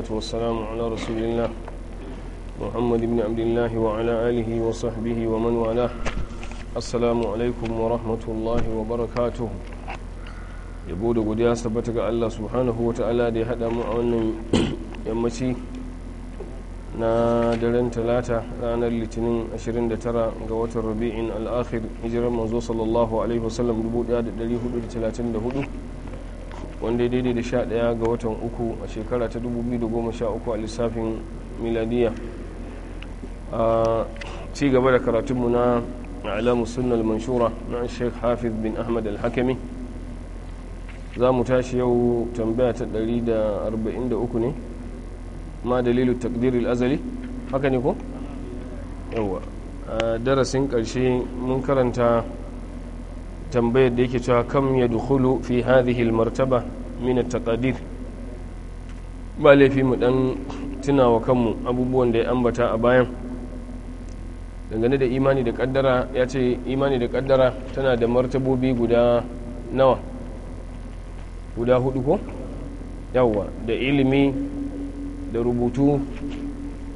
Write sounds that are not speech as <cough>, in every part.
والصلاة والسلام على رسول الله محمد بن عبد الله وعلى wa وصحبه ومن والاه السلام عليكم ورحمة الله وبركاته yabo da godiya sabbata ga Allah subhanahu wa ta'ala da ya haɗa mu a wannan yammaci na daren talata ranar litinin 29 ga watan rabi'in al'akhir hijirar manzo sallallahu alaihi wasallam 1434 wanda ya daidai da sha ɗaya ga watan uku a shekara ta 2013 a lissafin miladiya a ci gaba da karatunmu na alamu sunnal manshura na sheikh hafiz bin ahmad al-hakami za mu tashi yau tambaya ta 143 ne ma dalilu takdiril azali haka ne ko? darasin karshe mun karanta tambayar da yake cewa kam ya dukulu fi hadhihi martaba min at-taqadir ba laifi mu dan tunawa kanmu abubuwan da ya ambata a bayan dangane da imani da kaddara ya ce imani da kaddara tana da martabobi guda nawa guda hudu ko yawa da ilimi da rubutu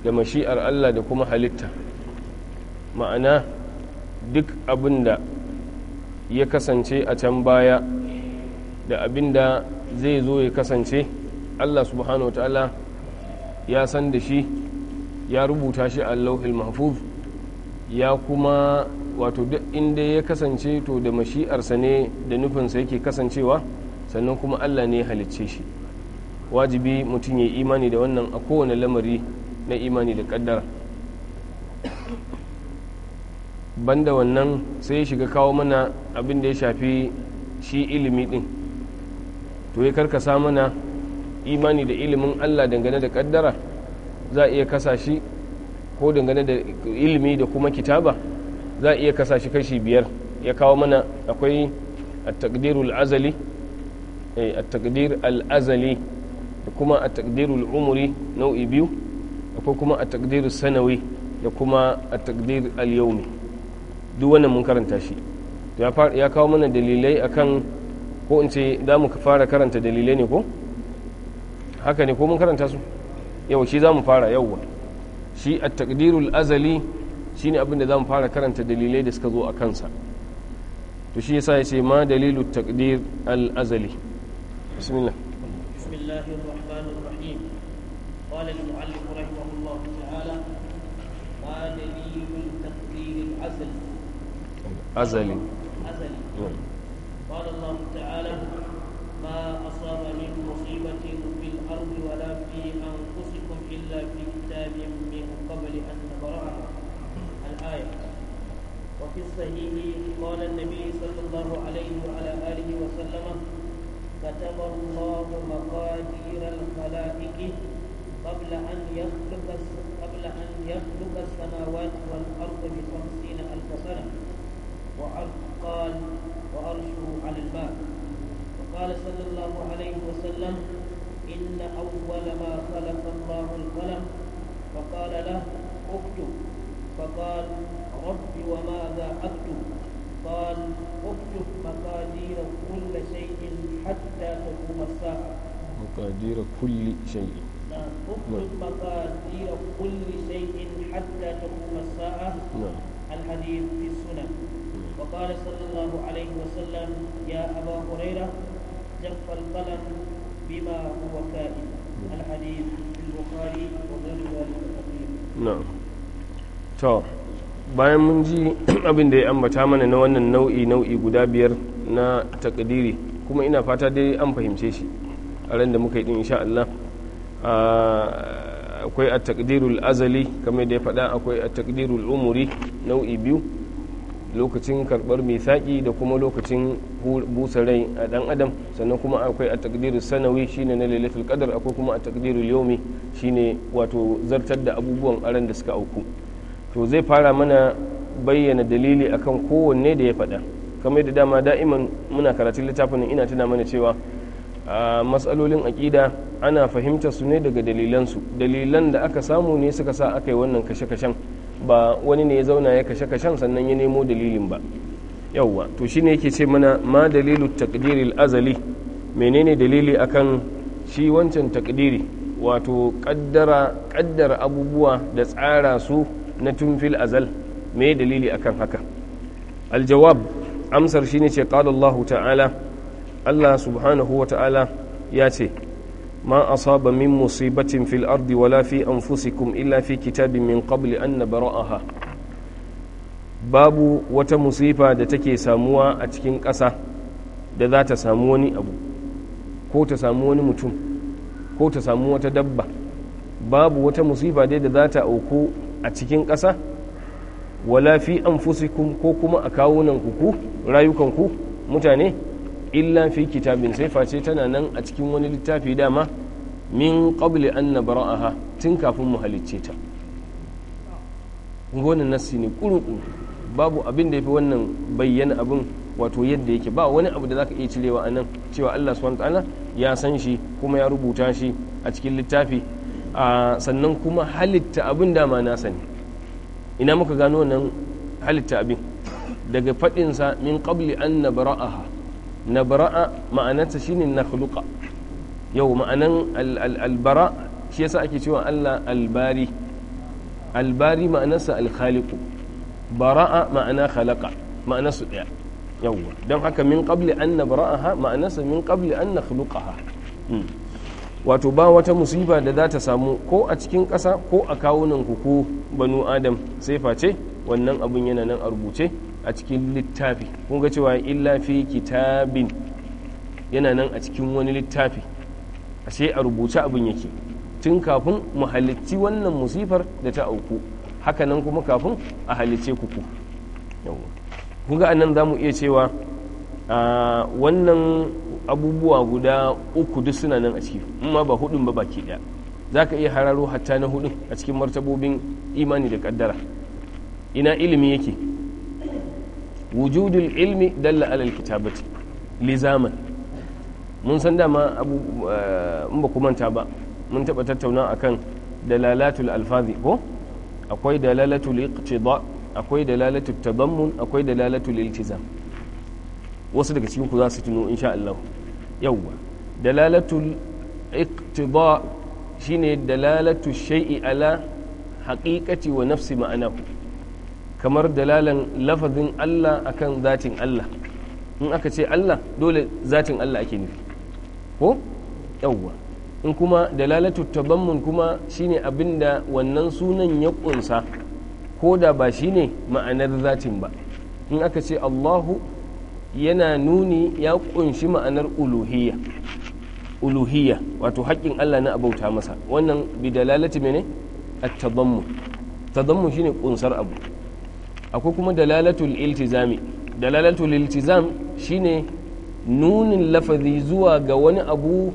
da mashi'ar Allah da kuma halitta ma'ana duk abin da ya kasance a can baya da abin da zai zo ya kasance allah subhanahu ta'ala ya san da shi ya rubuta shi a lauhil mahfuz ya kuma wato duk inda ya kasance to da mashi'arsa ne da nufinsa yake kasancewa sannan kuma allah ne ya halicce shi wajibi mutum ya imani da wannan a kowane lamari na imani da kaddara banda wannan sai ya shiga kawo mana abin da ya shafi shi ilimi din to ya sa mana imani da ilimin allah dangane da kaddara za a iya kasa shi ko dangane da ilimi da kuma kitaba za a iya kasa shi kashi biyar ya kawo mana akwai at azali eh, da kuma a taqdirul umri nau'i biyu akwai kuma a sanawi da kuma a taqdir al-yawmi duk wannan mun karanta shi ya kawo mana dalilai akan ko in ce za mu fara karanta dalilai ne ko haka ne ko mun karanta su yawa shi za mu fara yawa shi a takdirul azali shi ne abinda za mu fara karanta dalilai da suka zo a kansa to shi yasa ya ce ma dalilu takdir al-azali bismillah bismillah qala al-muallif rahimahullah ta'ala ma dalil أزلي أزلي نعم قال الله تعالى ما أصاب من مصيبة في الأرض ولا في أنفسكم إلا في كتاب من قبل أن نبرأها الآية وفي الصحيح قال النبي صلى الله عليه وعلى آله وسلم كتب الله مقادير الخلائق قبل أن يخلق قبل أن يخلق السماوات والأرض بخمسين ألف سنة قال وأرشه على الماء وقال صلى الله عليه وسلم إن أول ما خلق الله القلم فقال له اكتب فقال رب وماذا أكتب قال اكتب مقادير كل شيء حتى تقوم الساعة مقادير كل شيء نعم اكتب نعم. مقادير كل شيء حتى تقوم الساعة نعم الحديث في السنن وقال صلى الله عليه وسلم يا أبا هريرة جف القلم بما هو كائن الحديث في البخاري وغير ذلك نعم to bayan mun ji abin da ya ambata mana na wannan nau'i nau'i guda biyar na takadiri kuma ina fata dai an fahimce shi a ran da muka yi din insha Allah akwai a takdirul azali kamar da ya faɗa akwai a takdirul umuri nau'i biyu lokacin karɓar misaki da kuma lokacin busa rai a ɗan adam sannan kuma akwai a takdiru sanawi shine na lalata qadar akwai kuma a takdiru yomi shine wato zartar da abubuwan aran da suka auku to zai fara mana bayyana dalili akan kowanne da ya faɗa kamar yadda dama da'iman muna karatun littafin ina tuna mana cewa a matsalolin aƙida ana fahimtar su ne daga dalilansu dalilan da aka samu ne suka sa aka yi wannan kashe-kashen ba wani ne ya zauna ya kashe kashen sannan ya nemo dalilin ba yawwa to shine yake ce mana ma dalilu takdiril azali menene dalili akan shi wancan takdiri wato kaddara kaddara abubuwa da tsara su na tunfil azal me dalili akan haka aljawab amsar shine ce qala Allah ta'ala Allah subhanahu wa ta'ala ya ce ما أصاب من مصيبة في الأرض ولا في أنفسكم إلا في كتاب من قبل أن نبرأها babu wata musifa da take samuwa a cikin ƙasa da za ta samu wani abu ko ta samu wani mutum ko ta samu wata dabba babu wata musifa dai da za ta auku a cikin ƙasa wala fi anfusikum ko kuma a kawunan ku rayukanku mutane illa fi kitabin sai face tana nan a cikin wani littafi dama min qabli an nabra'aha tun kafin mu halicce ta gonan nasi ne kurukuru babu abin da yafi wannan bayyana abin wato yadda yake ba wani abu da zaka iya cirewa a nan cewa Allah subhanahu ta'ala ya san shi kuma ya rubuta shi a cikin littafi sannan kuma halitta abin dama na sani ina muka gano nan halitta abin daga faɗinsa min qabli an nabra'aha nabara'a ma'anarsa shine nakhluqa yau ma'anan albara shi yasa ake cewa Allah albari albari ma'anarsa alkhaliqu bara'a ma'ana khalaqa ma'anarsu daya yawwa don haka min qabli an nabra'aha ma'anarsa min qabli an nakhluqaha wato ba wata musiba da za ta samu ko a cikin kasa ko a kawunan ku ko banu adam sai face wannan abun yana nan a rubuce a cikin littafi kun ga cewa illa fi kitabin yana nan a cikin wani littafi ashe a rubuce abin yake tun kafin mu halicci wannan musifar da ta auku haka nan kuma kafin a halicce ku ku kun ga anan za mu iya cewa wannan abubuwa guda uku duk suna nan a ciki amma ba hudun ba baki daya za ka iya hararo hatta na hudun a cikin martabobin imani da kaddara ina ilimi yake wujudul ilmi dalla alal kitabati lizaman mun san dama abu eh, in ba manta ba mun taɓa tattauna akan dalalatul alfazi ko akwai dalalatul iqtida akwai dalalatul tadammun akwai dalalatul iltizam wasu daga cikin ku za su tuno insha Allah yawwa dalalatul iqtida shine dalalatul shai'i ala haqiqati wa nafsi ma'anahu kamar dalalan lafazin Allah akan zatin Allah in aka ce Allah dole zatin Allah ake nufi ko yawwa in kuma dalalatu tabammun kuma shine abinda wannan sunan ya kunsa ko da ba shine ma'anar zatin ba in aka ce Allahu yana nuni ya kunshi ma'anar uluhiyya uluhiyya wato haƙƙin Allah na abauta masa wannan bi dalalati mene at-tadammun tadammun shine kunsar abu akwai kuma dalalatul iltizami dalalatul iltizam shine nunin lafazi zuwa ga wani abu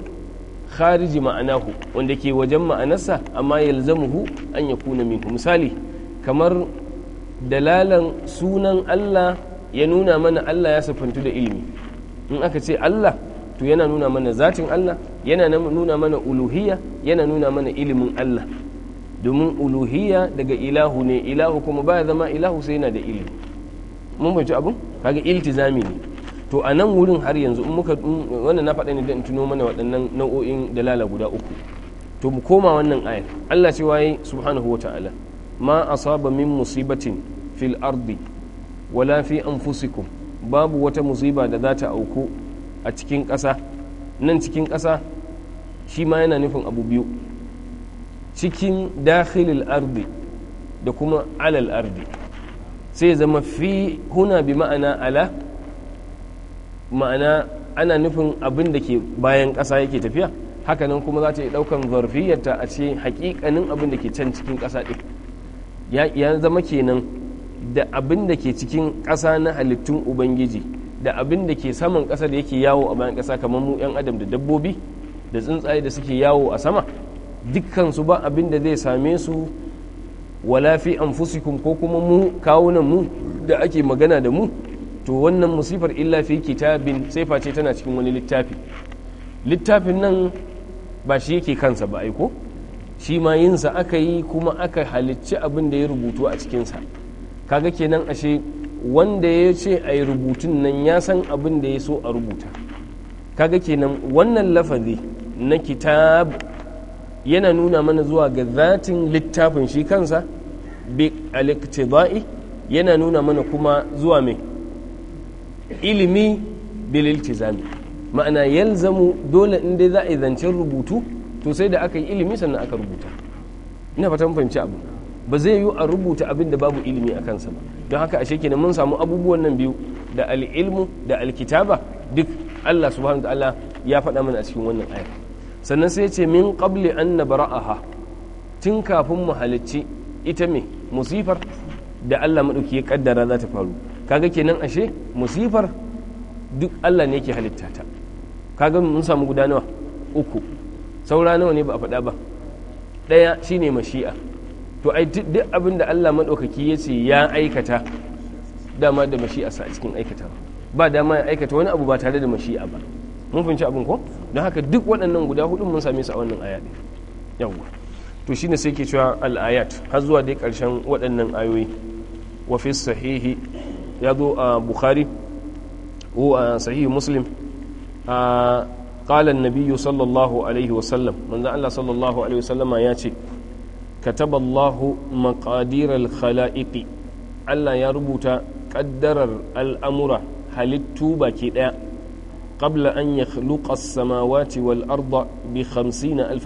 khariji ma'anahu wanda ke wajen ma'anarsa amma yalzamuhu an ya kuna minhu misali kamar dalalan sunan Allah ya nuna mana Allah ya siffantu da ilimi in aka ce Allah to yana nuna mana zatin Allah yana nuna mana uluhiyya yana nuna mana ilimin Allah domin uluhiyya daga ilahu ne ilahu kuma baya zama ilahu sai yana da ilimi mun fahimci abun kaga iltizami ne to a nan wurin har yanzu in muka wannan na faɗa ne da tuno mana waɗannan nau'o'in dalala guda uku to mu koma wannan ayat Allah ce waye subhanahu wata'ala ma asaba min musibatin fil ardi wala fi anfusikum babu wata musiba da za ta auku a cikin ƙasa nan cikin ƙasa shi ma yana nufin abu biyu cikin dakhilil ardi da kuma alal ardi sai zama fi huna bi ma'ana ala ma'ana ana nufin abin da ke bayan ƙasa yake tafiya hakanan kuma za ta yi ɗaukan zarfiyarta a ce hakikanin abin da ke can cikin kasa ɗin ya zama kenan da abin da ke cikin ƙasa na halittun ubangiji da abin da ke saman ƙasa da yake yawo a bayan ƙasa kamar mu 'yan adam da dabbobi da tsuntsaye da suke yawo a sama dukkansu ba abin da zai same su wala fi anfusikum ko kuma mu kawunan mu da ake magana da mu to wannan musifar illa fi kitabin sai face tana cikin wani littafi littafin nan ba shi yake kansa ba aiko shi ma yinsa aka yi kuma aka halicci abin da ya rubutu a cikinsa kaga kenan ashe wanda ya ce a yi rubutun nan ya san abin da ya so a rubuta kaga kenan wannan lafazi na kitab yana nuna mana zuwa ga zatin littafin shi kansa bi al yana nuna mana kuma zuwa mai ilimi bil iltizami ma'ana yalzamu dole in dai za a yi zancen rubutu to sai da aka yi ilimi sannan aka rubuta ina fatan fahimci abu ba zai yiwu a rubuta abinda babu ilimi a kansa ba don haka ashe kenan mun samu abubuwan nan biyu da al'ilmu da alkitaba duk Allah subhanahu wa ta'ala ya faɗa mana a cikin wannan ayar sannan sai ce min qabli an tun kafin mu halicci ita mai musifar da Allah maɗauki ya kaddara za ta faru kaga kenan ashe musifar duk Allah ne yake halitta ta kaga mun samu guda nawa uku saura nawa ne ba a faɗa ba ɗaya shine mashi'a to ai duk abin da Allah maɗaukaki ya ce ya aikata dama da mashi'a sa a cikin aikata ba dama ya aikata wani abu ba tare da mashi'a ba mun fahimci abin ko don haka duk waɗannan guda hudu mun same su a wannan aya ɗin yawwa to shine sai ke cewa al-ayat har zuwa dai ƙarshen waɗannan ayoyi wa fi sahihi ya zo a bukhari ko a sahihi muslim a qala nabiyyu sallallahu alaihi wa sallam Allah sallallahu alaihi wa sallama ya ce كتب الله مقادير الخلائق Allah ya rubuta ƙaddarar al'amura halittu baki ɗaya qabla an ya as-samawati wal arda bi 50 alf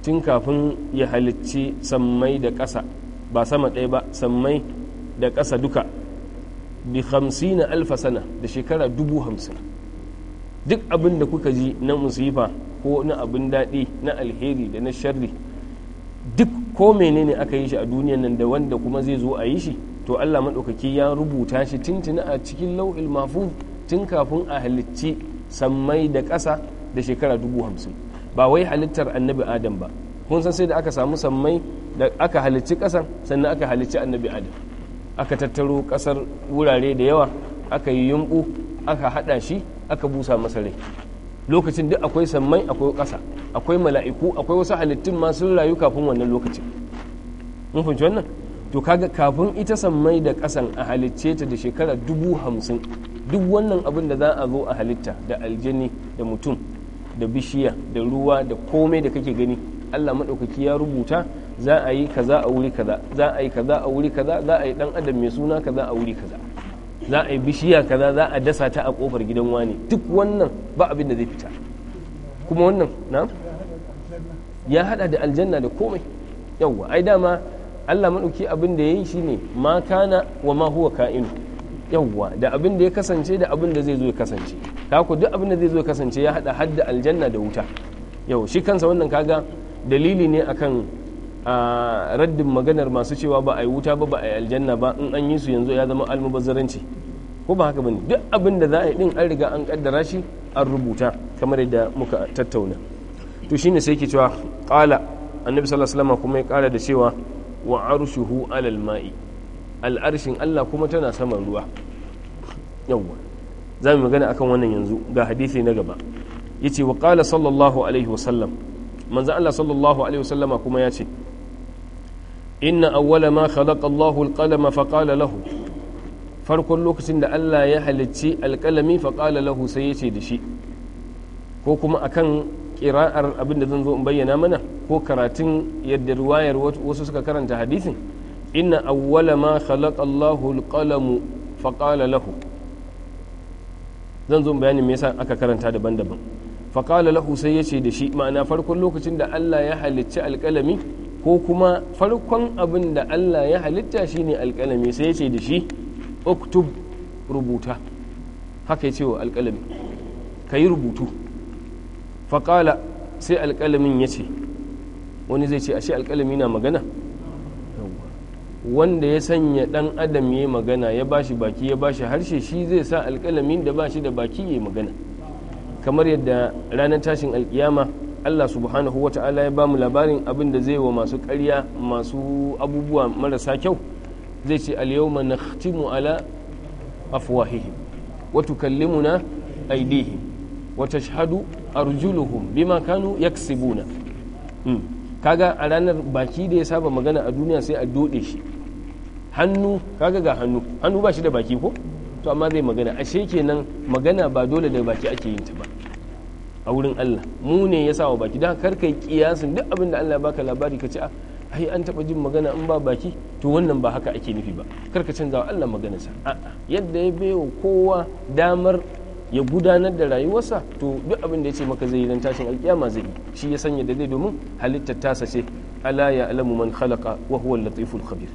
tun kafin ya halicci sammai da ƙasa ba sama ɗaya ba sammai da ƙasa duka bi 50 alf sana da shekara dubu hamsin duk abin da kuka ji na musifa ko na abin daɗi na alheri da na sharri duk ko menene aka yi shi a duniyan nan da wanda kuma zai zo a yi shi to Allah maɗaukaki ya rubuta shi tuntuna a cikin lau'il mafuz tun kafin a halicci sammai da ƙasa da shekara dubu hamsin ba wai halittar annabi adam ba kun san sai da aka samu sammai da aka halicci ƙasar sannan aka halicci annabi adam aka tattaro ƙasar wurare da yawa aka yi yumɓu aka haɗa shi aka busa masa rai lokacin duk akwai sammai akwai ƙasa akwai mala'iku akwai wasu halittun ma sun rayu kafin wannan lokacin mun fahimci wannan to kaga kafin ita sammai da kasan a halicce ta da shekara dubu hamsin duk wannan abin da za a zo a halitta da aljani da mutum da bishiya da ruwa da komai da kake gani allah maɗaukaki ya rubuta za a yi kaza a wuri kaza za a yi kaza a wuri kaza za a yi dan adam mai suna kaza a wuri kaza za a yi bishiya kaza za a dasa ta a kofar gidan wani duk wannan ba abin da zai fita kuma wannan na ya hada da aljanna da komai yawwa ai dama Allah maɗauki abin da ya yi shi ne ma kana wa ma huwa ka'inu yawwa da abin da ya kasance da abin da zai zo ya kasance kaku duk abin da zai zo ya kasance ya haɗa hadda aljanna da wuta yau shi kansa wannan kaga dalili ne akan raddin maganar masu cewa ba a yi wuta ba ba a yi aljanna ba in an yi su yanzu ya zama almubazzaranci ko ba haka bane duk abin da za a yi din an riga an kaddara shi an rubuta kamar yadda muka tattauna to shine sai ke cewa qala annabi sallallahu alaihi wasallam kuma ya kara da cewa wa arshuhu alal ma'i al'arshin Allah kuma tana saman ruwa yawwa za mu magana akan wannan yanzu ga hadisi na gaba yace wa qala sallallahu alaihi sallam manzo Allah sallallahu alaihi wasallama kuma ya ce inna awwala ma khalaqa Allahu al-qalama fa qala lahu farkon lokacin da Allah ya halicci alƙalami fa qala lahu sai yace da shi ko kuma akan kira'ar abin da zan zo in bayyana mana ko karatun yadda ruwayar wasu suka karanta hadisin inna awwala ma khalaqa Allahu al fa qala lahu zan zo bayani me yasa aka karanta daban-daban fa qala lahu sai yace da shi ma'ana farkon lokacin da Allah ya halicci alƙalami ko kuma farkon abin da Allah ya halitta shine alƙalami sai yace da shi uktub rubuta haka yace wa alƙalami kai rubutu faƙala sai alƙalamin ya ce wani zai ce ashe alƙalami na magana wanda ya sanya ɗan adam ya magana ya shi baki ya ba shi harshe shi zai sa alƙalamin da ba shi da baki ya magana kamar yadda ranar tashin alƙiyama allah subhanahu wa ta'ala ya ba mu labarin abin da zai wa masu karya masu abubuwa marasa kyau zai ce alyawma na ala afwahihim wa na aidihim wa tashhadu arjuluhum bima kanu yaksibuna kaga a ranar baki da ya saba magana a duniya sai a dode shi hannu kaga ga hannu hannu ba shi da baki ko to amma zai magana ashe kenan magana ba dole da baki ake yin ta ba a wurin Allah mu ne ya sa wa baki don kar kai kiyasin duk abin da Allah baka labari ka ce a ai an taba jin magana in ba baki to wannan ba haka ake nufi ba kar ka canza wa Allah maganarsa a'a yadda ya bai wa kowa damar ya gudanar da rayuwarsa to duk abin da ya ce maka zai yi nan tashin alkiyama zai yi shi ya sanya da zai domin halittar tasa ce ala ya alamu man khalaqa wa huwa latiful khabir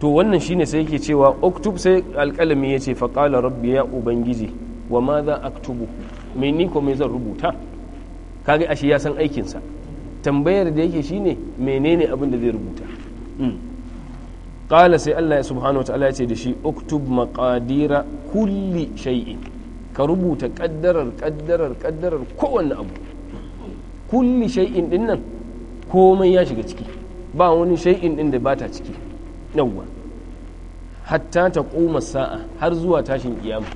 to wannan shine sai yake cewa oktub sai alkalami ya ce qala rabbi ya ubangiji wa ma za aktubu me ni ko me zan rubuta kaga ashe ya san aikin sa tambayar da yake shine menene abin da zai rubuta kala hmm. sai allah subhanahu wa ta'ala ya ce da shi oktub maqadira kulli shay'in ka rubuta kaddarar kaddarar kaddarar kowane abu kulli shay'in din nan komai ya shiga ciki ba wani shay'in din da bata ciki yawwa hatta ta koma sa'a har zuwa tashin kiyama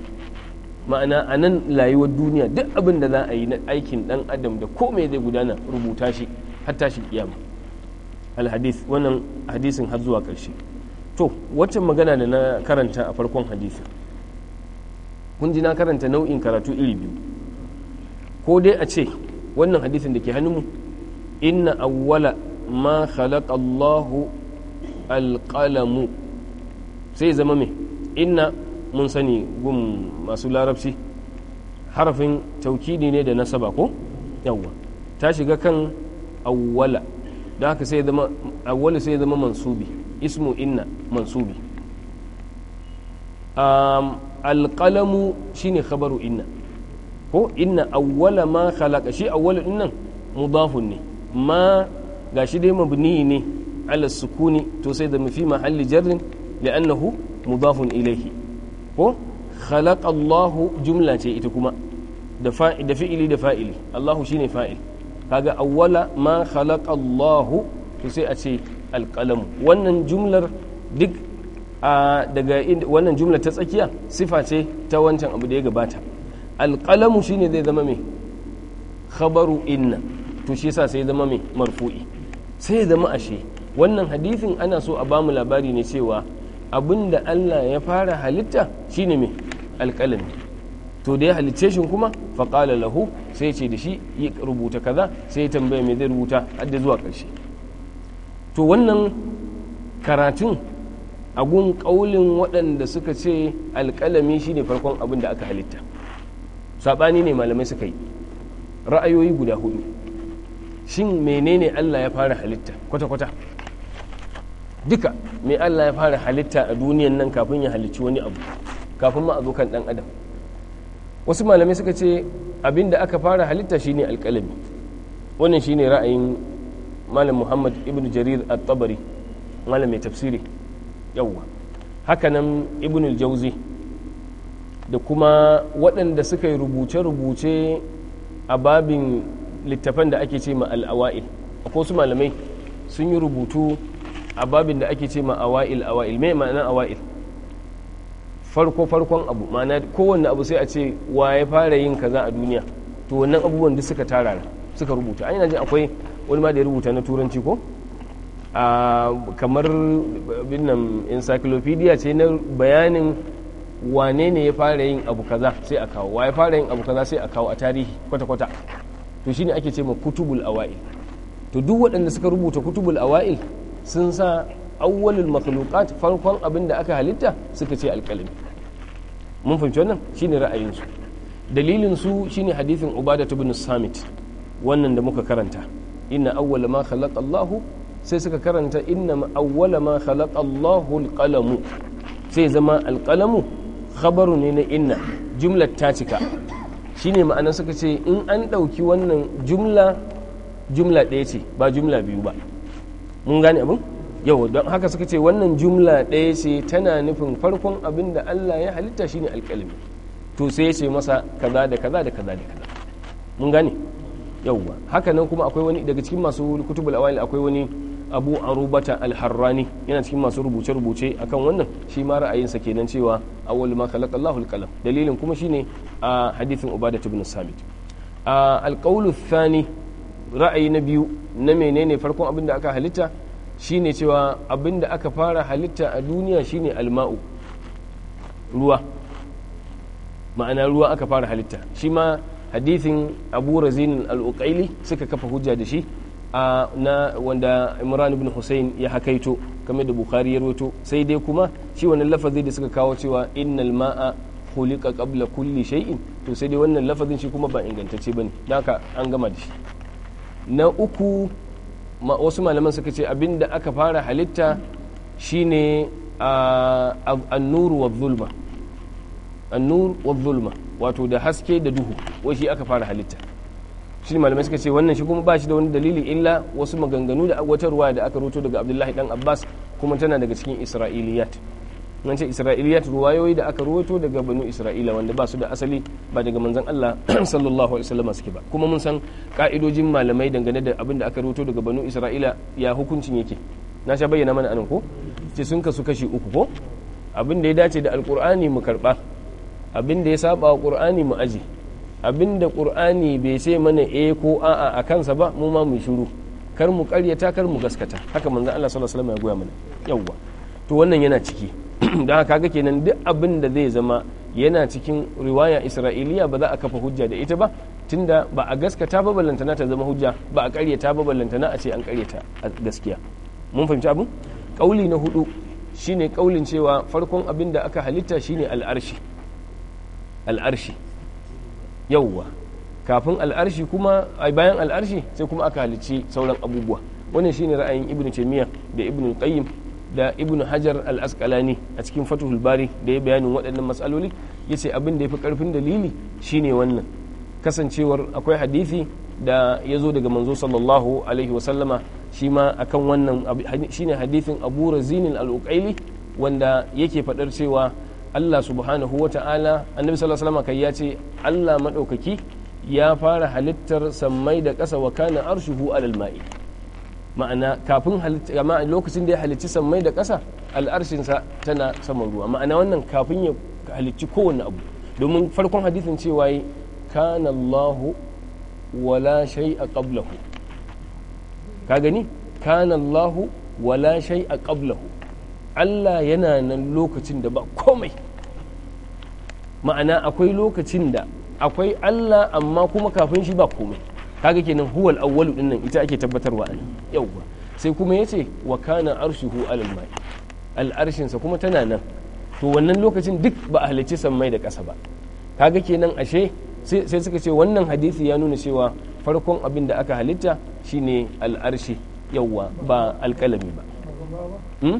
ma'ana a nan layuwar duniya duk abin da za a yi na aikin dan adam da komai zai gudana rubuta shi har tashin kiyama alhadis wannan hadisin har zuwa karshe. to wacce magana da na karanta a farkon hadisin kun ji na karanta nau'in karatu iri biyu ko dai a ce wannan hadisin da ke hannunmu inna awwala ma khalaqa Allahu alqalamu sai zama me inna mun sani gun masu larabci harafin taukidi ne da nasaba ko yawwa ta shiga kan awwala da haka sai zama awwala sai zama mansubi ismu inna mansubi um, alƙalamu shine khabaru inna ko inna awwala ma khalaqa shi awwala innan mudafun ne ma gashi dai mabni ne ala sukuni to sai da mafi mahalli jarrin li'annahu mudafun ilaihi ko khalaqa Allahu jumla ce ita kuma da fa'ili da fi'ili da fa'ili Allahu shine fa'il kaga awwala ma khalaqa Allahu to sai a ce alqalam wannan jumlar duk a daga wannan jumla ta tsakiya sifa ce ta wancan abu da ya gabata alƙalamu shine zai zama mai khabaru inna to shi sa sai zama mai marfu'i sai zama ashe wannan hadithin ana so a bamu labari ne cewa abinda Allah ya fara halitta shine mai alƙalami to da ya halicce shi kuma faƙala lahu sai ce da shi ya rubuta kaza sai ya tambaya mai zai rubuta da zuwa ƙarshe to wannan karatun a gun ƙaulin waɗanda suka ce alƙalami shine farkon abin da aka halitta saɓani ne malamai suka yi ra'ayoyi guda hudu shin menene allah ya fara halitta kwata-kwata duka mai allah ya fara halitta a duniyan nan kafin ya halicci wani abu kafin ma abokan ɗan adam wasu malamai suka ce abin da aka fara halitta shine alƙalami wannan shine ra'ayin malam muhammad ibn jarir at-tabari malam mai tafsiri yawwa hakanan ibn jauzi da kuma waɗanda suka yi rubuce-rubuce a babin littafan da ake ce ma al'awa'il akwai su malamai sun yi rubutu a babin da ake ce ma awa'il awa'il mai ma'ana awa'il farko farkon abu ma'ana kowanne abu sai a ce wa ya fara yin kaza a duniya to wannan abubuwan duk suka tara suka rubuta an yana jin akwai wani ma da ya rubuta na turanci ko kamar binnan encyclopedia ce na bayanin wane ne ya fara yin abu kaza sai a kawo wa ya fara yin abu kaza sai a kawo a tarihi kwata-kwata to shine ake ce ma kutubul awa'il to duk waɗanda suka rubuta kutubul awa'il sun sa awwalul makhluqat farkon abin da aka halitta suka ce alƙalami mun fahimci wannan shine ra'ayinsu dalilin su shine hadithin ubadatu ibn samit wannan da muka karanta inna awwala ma khalaqa Allahu sai suka karanta inna awwala ma khalaqa alqalamu sai zama alqalamu khabaru ne na inna jumlar ta cika shine ma'ana suka ce in an ɗauki wannan jumla jumla ɗaya ce ba jumla biyu ba mun gane abin yau don haka suka ce wannan jumla ɗaya ce tana nufin farkon abin da Allah ya halitta shine alƙalmi to sai ya ce masa kaza da kaza da kaza da kaza mun gane yawwa hakanan kuma akwai wani daga cikin masu kutubul awali akwai wani abu arubata alharrani yana cikin masu rubuce rubuce akan wannan shi ma ra'ayinsa kenan cewa awwal ma khalaqallahu qalam dalilin kuma shine a hadithin ubadah ibn samit alqawlu thani ra'ayi na biyu na menene farkon abin da aka halitta shine cewa abin da aka fara halitta a duniya shine alma'u ruwa ma'ana ruwa aka fara halitta shi ma hadithin abu razin al suka kafa hujja da shi na wanda imran ibn hussein ya hakaito kamar da bukhari ya wato sai dai kuma shi wannan lafazin da suka kawo cewa innal ma'a khuliqa qabla kulli shay'in to sai dai wannan lafazin shi kuma ba ingantacce bane haka an gama da shi na uku ma wasu malaman suka ce abinda aka fara halitta shine an-nuru wa zulma annur wa zulma wato da haske da duhu wai shi aka fara halitta shi malamai suka ce wannan shi kuma ba shi da wani dalili illa wasu maganganu da ruwa da aka roto daga abdullahi dan abbas kuma tana daga cikin isra'iliyat nan ce isra'iliyat ruwayoyi da aka roto daga banu isra'ila wanda ba su da asali ba daga manzan allah <clears throat> sallallahu alaihi wasallam suke ba kuma mun san ka'idojin malamai dangane da abin da aka roto daga banu isra'ila ya hukuncin yake na sha bayyana mana anan ko ce sun kasu kashi uku ko abin da ya dace da alkur'ani mu karba abin da ya saba wa qur'ani mu aje abin da qur'ani bai sai mana e ko a'a a kansa ba mu ma mu shuru kar mu karyata kar mu gaskata haka manzon Allah sallallahu alaihi wasallam ya goya mana yawwa to wannan yana ciki <clears throat> don haka kaga kenan duk abin da zai zama yana cikin riwaya isra'iliya ba za a kafa hujja da ita ba tunda ba a gaskata ba ballantana ta zama hujja ba a karyata ba ballantana a ce an karyata a gaskiya mun fahimci abin kauli na hudu shine kaulin cewa farkon abin da aka halitta shine al'arshi al'arshi yawwa kafin al'arshi kuma bayan al'arshi sai kuma aka halicci sauran abubuwa wannan shine ra'ayin ibn taymiya da ibn qayyim da ibn hajar al-asqalani a cikin fatuhul bari da ya bayanin waɗannan matsaloli yace abin da yafi karfin dalili shine wannan kasancewar akwai hadisi da ya zo daga manzo sallallahu alaihi wasallama shi ma akan wannan shine hadisin abu razinin al wanda yake faɗar cewa Allah subhanahu wa ta'ala annabi sallallahu alaihi kai ya ce Allah madaukaki ya fara halittar sammai da ƙasa wa kana arshuhu alal ma'i ma'ana kafin lokacin da ya halicci sammai da ƙasa sa tana saman ruwa ma'ana wannan kafin ya halicci kowane abu domin farkon hadisin cewa yi kana Allahu wala shay a qablahu ka gani kana Allahu wala shay a qablahu Allah yana nan lokacin da ba komai ma'ana akwai lokacin da akwai Allah amma kuma kafin shi ba komai kaga kenan huwal awwalu dinnan ita ake tabbatarwa a yauwa sai kuma yace wa kana arshuhu alal mai al'arshin sa kuma tana nan to wannan lokacin duk ba a halicci sammai da kasa ba kaga kenan ashe sai suka ce wannan hadisi ya nuna cewa farkon abin da aka halitta shine al'arshi yauwa ba alƙalami ba hmm?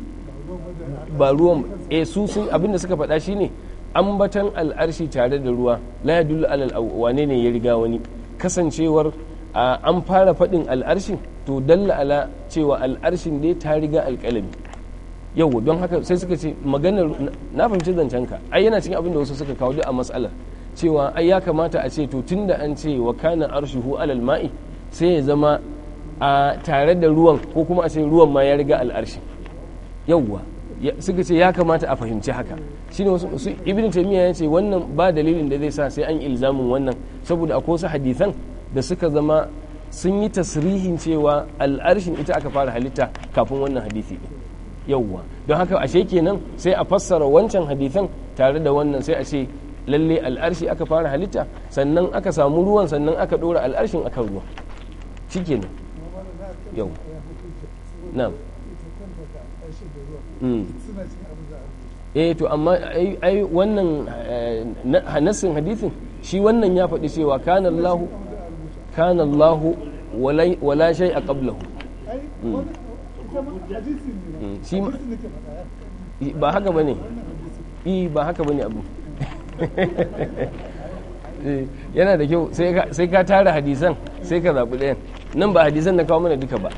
ba ruwan e su sun abinda suka faɗa shine ambatan al'arshi tare da ruwa la dula alal wane ne ya riga wani kasancewar an fara faɗin al'arshin to dalla ala cewa al'arshin dai ta riga alƙalami yau don haka sai suka ce maganar na fahimci zancen ka ai yana cikin abin da wasu suka kawo duk a matsalar cewa ai ya kamata a ce to tunda an ce wa kana hu alal ma'i sai ya zama a tare da ruwan ko kuma a ce ruwan ma ya riga al'arshin yawwa suka ce ya kamata a fahimci haka shine wasu ibn taymiya ya ce wannan ba dalilin da zai sa sai an ilzamin wannan saboda akwai wasu hadithan da suka zama sun yi tasrihin cewa al'arshin ita aka fara halitta kafin wannan hadithi din yawwa don haka ashe kenan sai a fassara wancan hadithan tare da wannan sai a ce lalle al'arshi aka fara halitta sannan aka samu ruwan sannan aka ɗora al'arshin akan ruwa shikenan yau na'am eh to amma ai wannan eh, nassin hadithin shi wannan ya faɗi cewa kanan lahu kanan lahu wala shai a qablahu hmm. Hmm. ba haka ba ne ba haka ne abu <laughs> eh, yana da kyau sai ka tara hadisan sai ka zaɓi ɗayan nan ba hadisan na kawo mana duka ba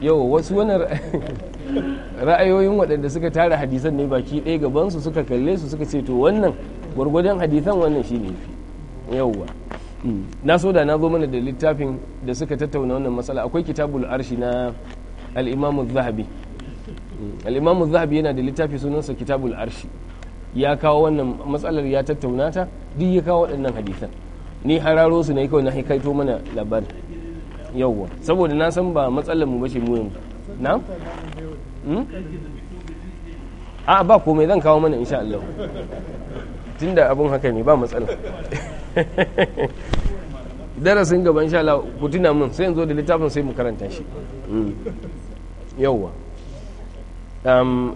yau wasu wannan <laughs> ra'ayoyin waɗanda suka tara hadisan ne baki ɗaya gabansu suka kalle su suka ce to wannan gwargwadon hadisan wannan shi ne fi yawwa hmm. na so da na zo mana da littafin da suka tattauna wannan matsala akwai kitabul arshi na al'imamu zahabi hmm. al'imamu zahabi yana da littafi sunansa kitabul arshi ya kawo wannan matsalar ya tattauna ta duk ya kawo waɗannan hadisan ni hararo su ne kawai na haikaito mana labarin yawwa saboda na san ba matsalar mu bace mu yanzu na Hmm? a ba komai zan kawo mana insha Allah tunda abun haka ne ba matsala <laughs> darasin gaba insha Allah ku tuna min sai yanzu da littafin sai mu karanta shi hmm. yawwa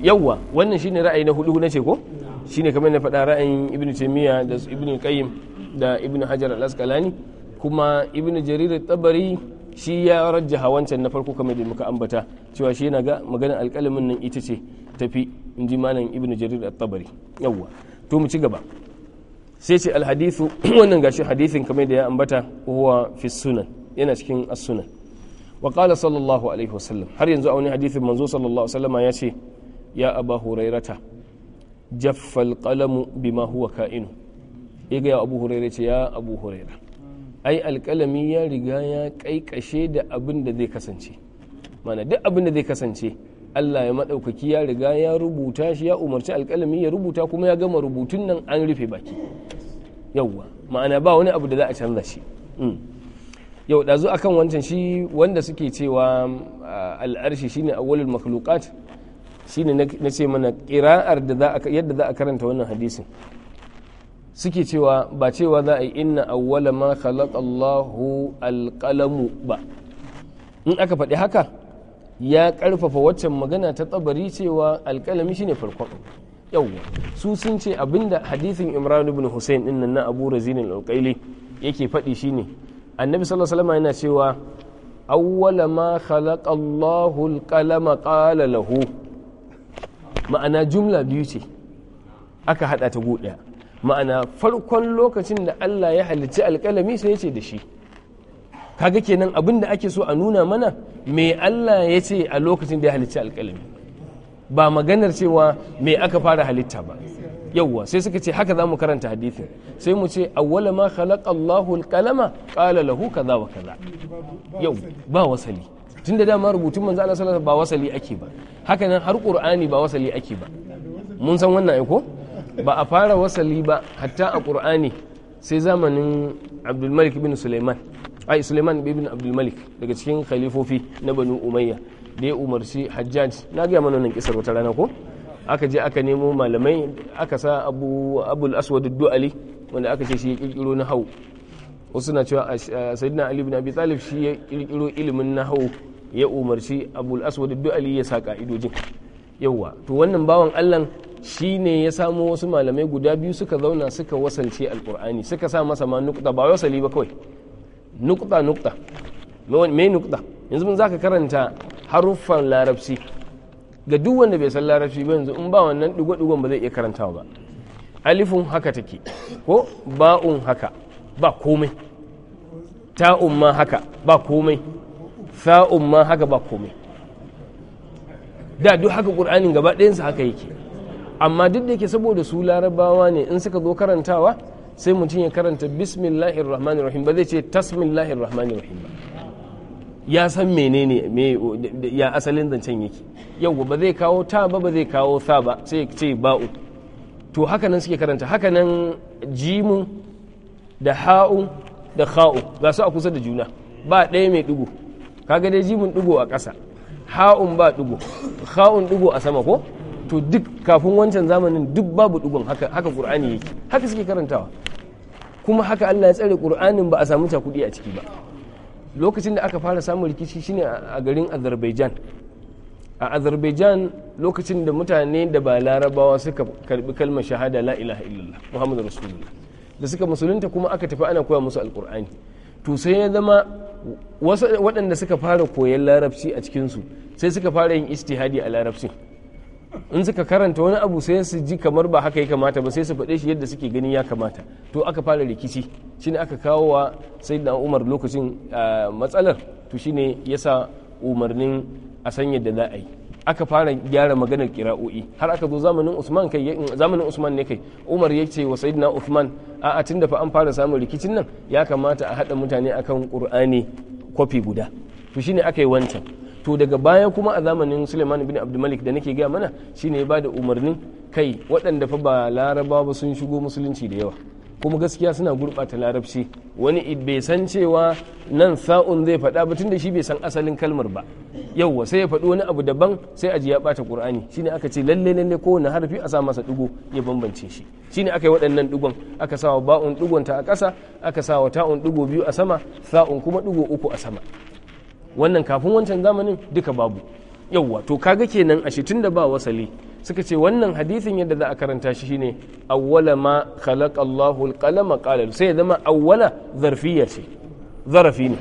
yawwa wannan shine ra'ayi na hudu na ce ko shine kamar na faɗa ra'ayin ibnu taymiya da ibnu qayyim da ibnu hajar al-asqalani kuma ibnu jarir at-tabari shi ya rajjaha wancan na farko kamar da muka ambata cewa shi na ga maganar alƙalamin nan ita ce tafi in ji malam ibnu jarir at-tabari yawwa to mu ci gaba sai ce alhadithu <clears throat> wannan gashi hadithin kamar da ya ambata huwa fi sunan yana cikin as-sunan wa qala sallallahu alaihi wasallam har yanzu a wani hadithin manzo sallallahu alaihi wasallam ya ce ya aba hurairata jaffal qalamu bima huwa ka'inu ya ga abu hurairata ya abu hurairata ai alƙalami ya riga ya ƙaiƙashe da abin da zai kasance mana duk abin da zai kasance Allah ya maɗaukaki ya riga ya rubuta shi ya umarci alƙalami ya rubuta kuma ya gama rubutun nan an rufe baki yauwa ma'ana ba wani abu da za a canza shi mm. yau ɗazu akan wancan shi wanda suke cewa ah, al'arshi shine awwalul makhluqat shine na ce mana ƙira'ar yadda za a karanta wannan hadisin suke cewa ba cewa za a yi inna awwala ma khalaqallahu alqalamu ba in aka faɗi haka ya ƙarfafa waccan magana ta tsabari cewa alƙalami shine farkon yawwa su sun ce abinda hadisin imran ibn husayn din nan na abu razin al-alqaili yake faɗi shine annabi sallallahu alaihi wasallam yana cewa awwala ma khalaqallahu alqalama qala lahu ma'ana jumla biyu ce aka hada ta gu ma'ana farkon lokacin da Allah ya halicci alƙalami sai ya ce da shi kaga kenan abin da ake so a nuna mana me Allah ya ce a lokacin da ya halicci alƙalami ba maganar cewa me aka fara halitta ba yawwa sai suka ce haka za mu karanta hadithin sai mu ce awwala ma khalaqa Allahu kalama. qala lahu kaza wa kaza yau ba wasali tunda dama rubutun manzo Allah sallallahu alaihi wasallam ba wasali ake ba haka nan har qur'ani ba wasali ake ba mun san wannan ai ko ba a fara wasali ba hatta a ƙur'ani sai zamanin abdulmalik bin suleiman ai suleiman bin abdulmalik daga cikin khalifofi na banu umayya da ya umarci hajjaj na gaya mana nan kisar wata rana ko aka je aka nemo malamai aka sa abu abul aswad du'ali wanda aka ce shi ya kirkiro na hau wasu na cewa ah, sayyidina ali bin abi talib shi ya kirkiro ilimin na hau ya umarci abul aswad du'ali ya sa ka'idojin yawa to wannan bawan allah Shi ne ya samo wasu malamai guda biyu suka zauna suka wasalce alkur'ani suka sa masa ma nukta ba wasali ba kawai nukta nukta me nukta yanzu mun zaka karanta haruffan larabci ga duk wanda bai san larabci ba yanzu in ba wannan digo-digon ba zai iya karantawa ba alifun haka take ko ba'un haka ba komai ta'un ma haka ba komai sa'un ma haka ba komai da duk haka ƙur'anin gaba ɗayansa haka yake amma duk da yake saboda su larabawa ne in suka zo karantawa sai mutum ya karanta bismillahir rahmanir rahim ba zai ce tasmillahir rahmanir rahim ba ya san menene me ya asalin zancen yake yau ba zai kawo ta ba ba zai kawo sa ba sai ce ba'u to hakanan suke karanta hakanan jimu da ha'u da kha'u ga su a kusa da juna ba ɗaya mai ɗigo kaga dai jimun ɗigo a ƙasa ha'un ba ɗigo kha'un ɗigo a sama ko to duk kafin wancan zamanin duk babu dugun haka haka qur'ani yake haka suke karantawa kuma haka Allah ya tsare qur'anin ba a samu cakudi a ciki ba lokacin da aka fara samun rikici shine a garin Azerbaijan a Azerbaijan lokacin da mutane da ba larabawa suka karbi kalmar shahada la ilaha illallah muhammadu rasulullah da suka musulunta kuma aka tafi ana koya musu alqur'ani to sai ya zama wasu waɗanda suka fara koyan larabci a cikinsu sai suka fara yin istihadi a larabci. in suka karanta wani abu sai su ji kamar ba haka ya kamata ba sai su faɗe shi yadda suke gani ya kamata to aka fara rikici shine aka kawo wa da umar lokacin matsalar to shine sa umarnin a san yadda za a yi aka fara gyara maganar kira'o'i har aka zo zamanin usman kai zamanin usman ne kai umar ya ce wa sayyidina usman a a tunda fa an fara samun rikicin nan ya kamata a haɗa mutane akan kur'ani kwafi guda to shine aka yi wancan to daga baya kuma a zamanin suleiman bin abdulmalik da nake gaya mana shine ya ba da umarnin kai waɗanda fa ba larabawa ba sun shigo musulunci da yawa kuma gaskiya suna gurɓata larabci wani bai san cewa nan sa'un zai faɗa ba tun da shi bai san asalin kalmar ba yauwa sai ya faɗi wani abu daban sai aji ya ɓata qur'ani shine aka ce lalle lalle kowane harfi a sa masa ɗigo ya bambance shi shine aka yi waɗannan ɗigon aka sawa wa ba'un ɗigon a ƙasa aka sawa ta'un ɗigo biyu a sama sa'un kuma ɗigo uku a sama wannan kafin wancan zamanin duka babu yawwa to kaga kenan ashe da ba wasali suka ce wannan hadisin yadda za a karanta shi shine awwala ma khalaqa Allahu al-qalama qala sai ya zama awwala zarfiya ce zarafi ne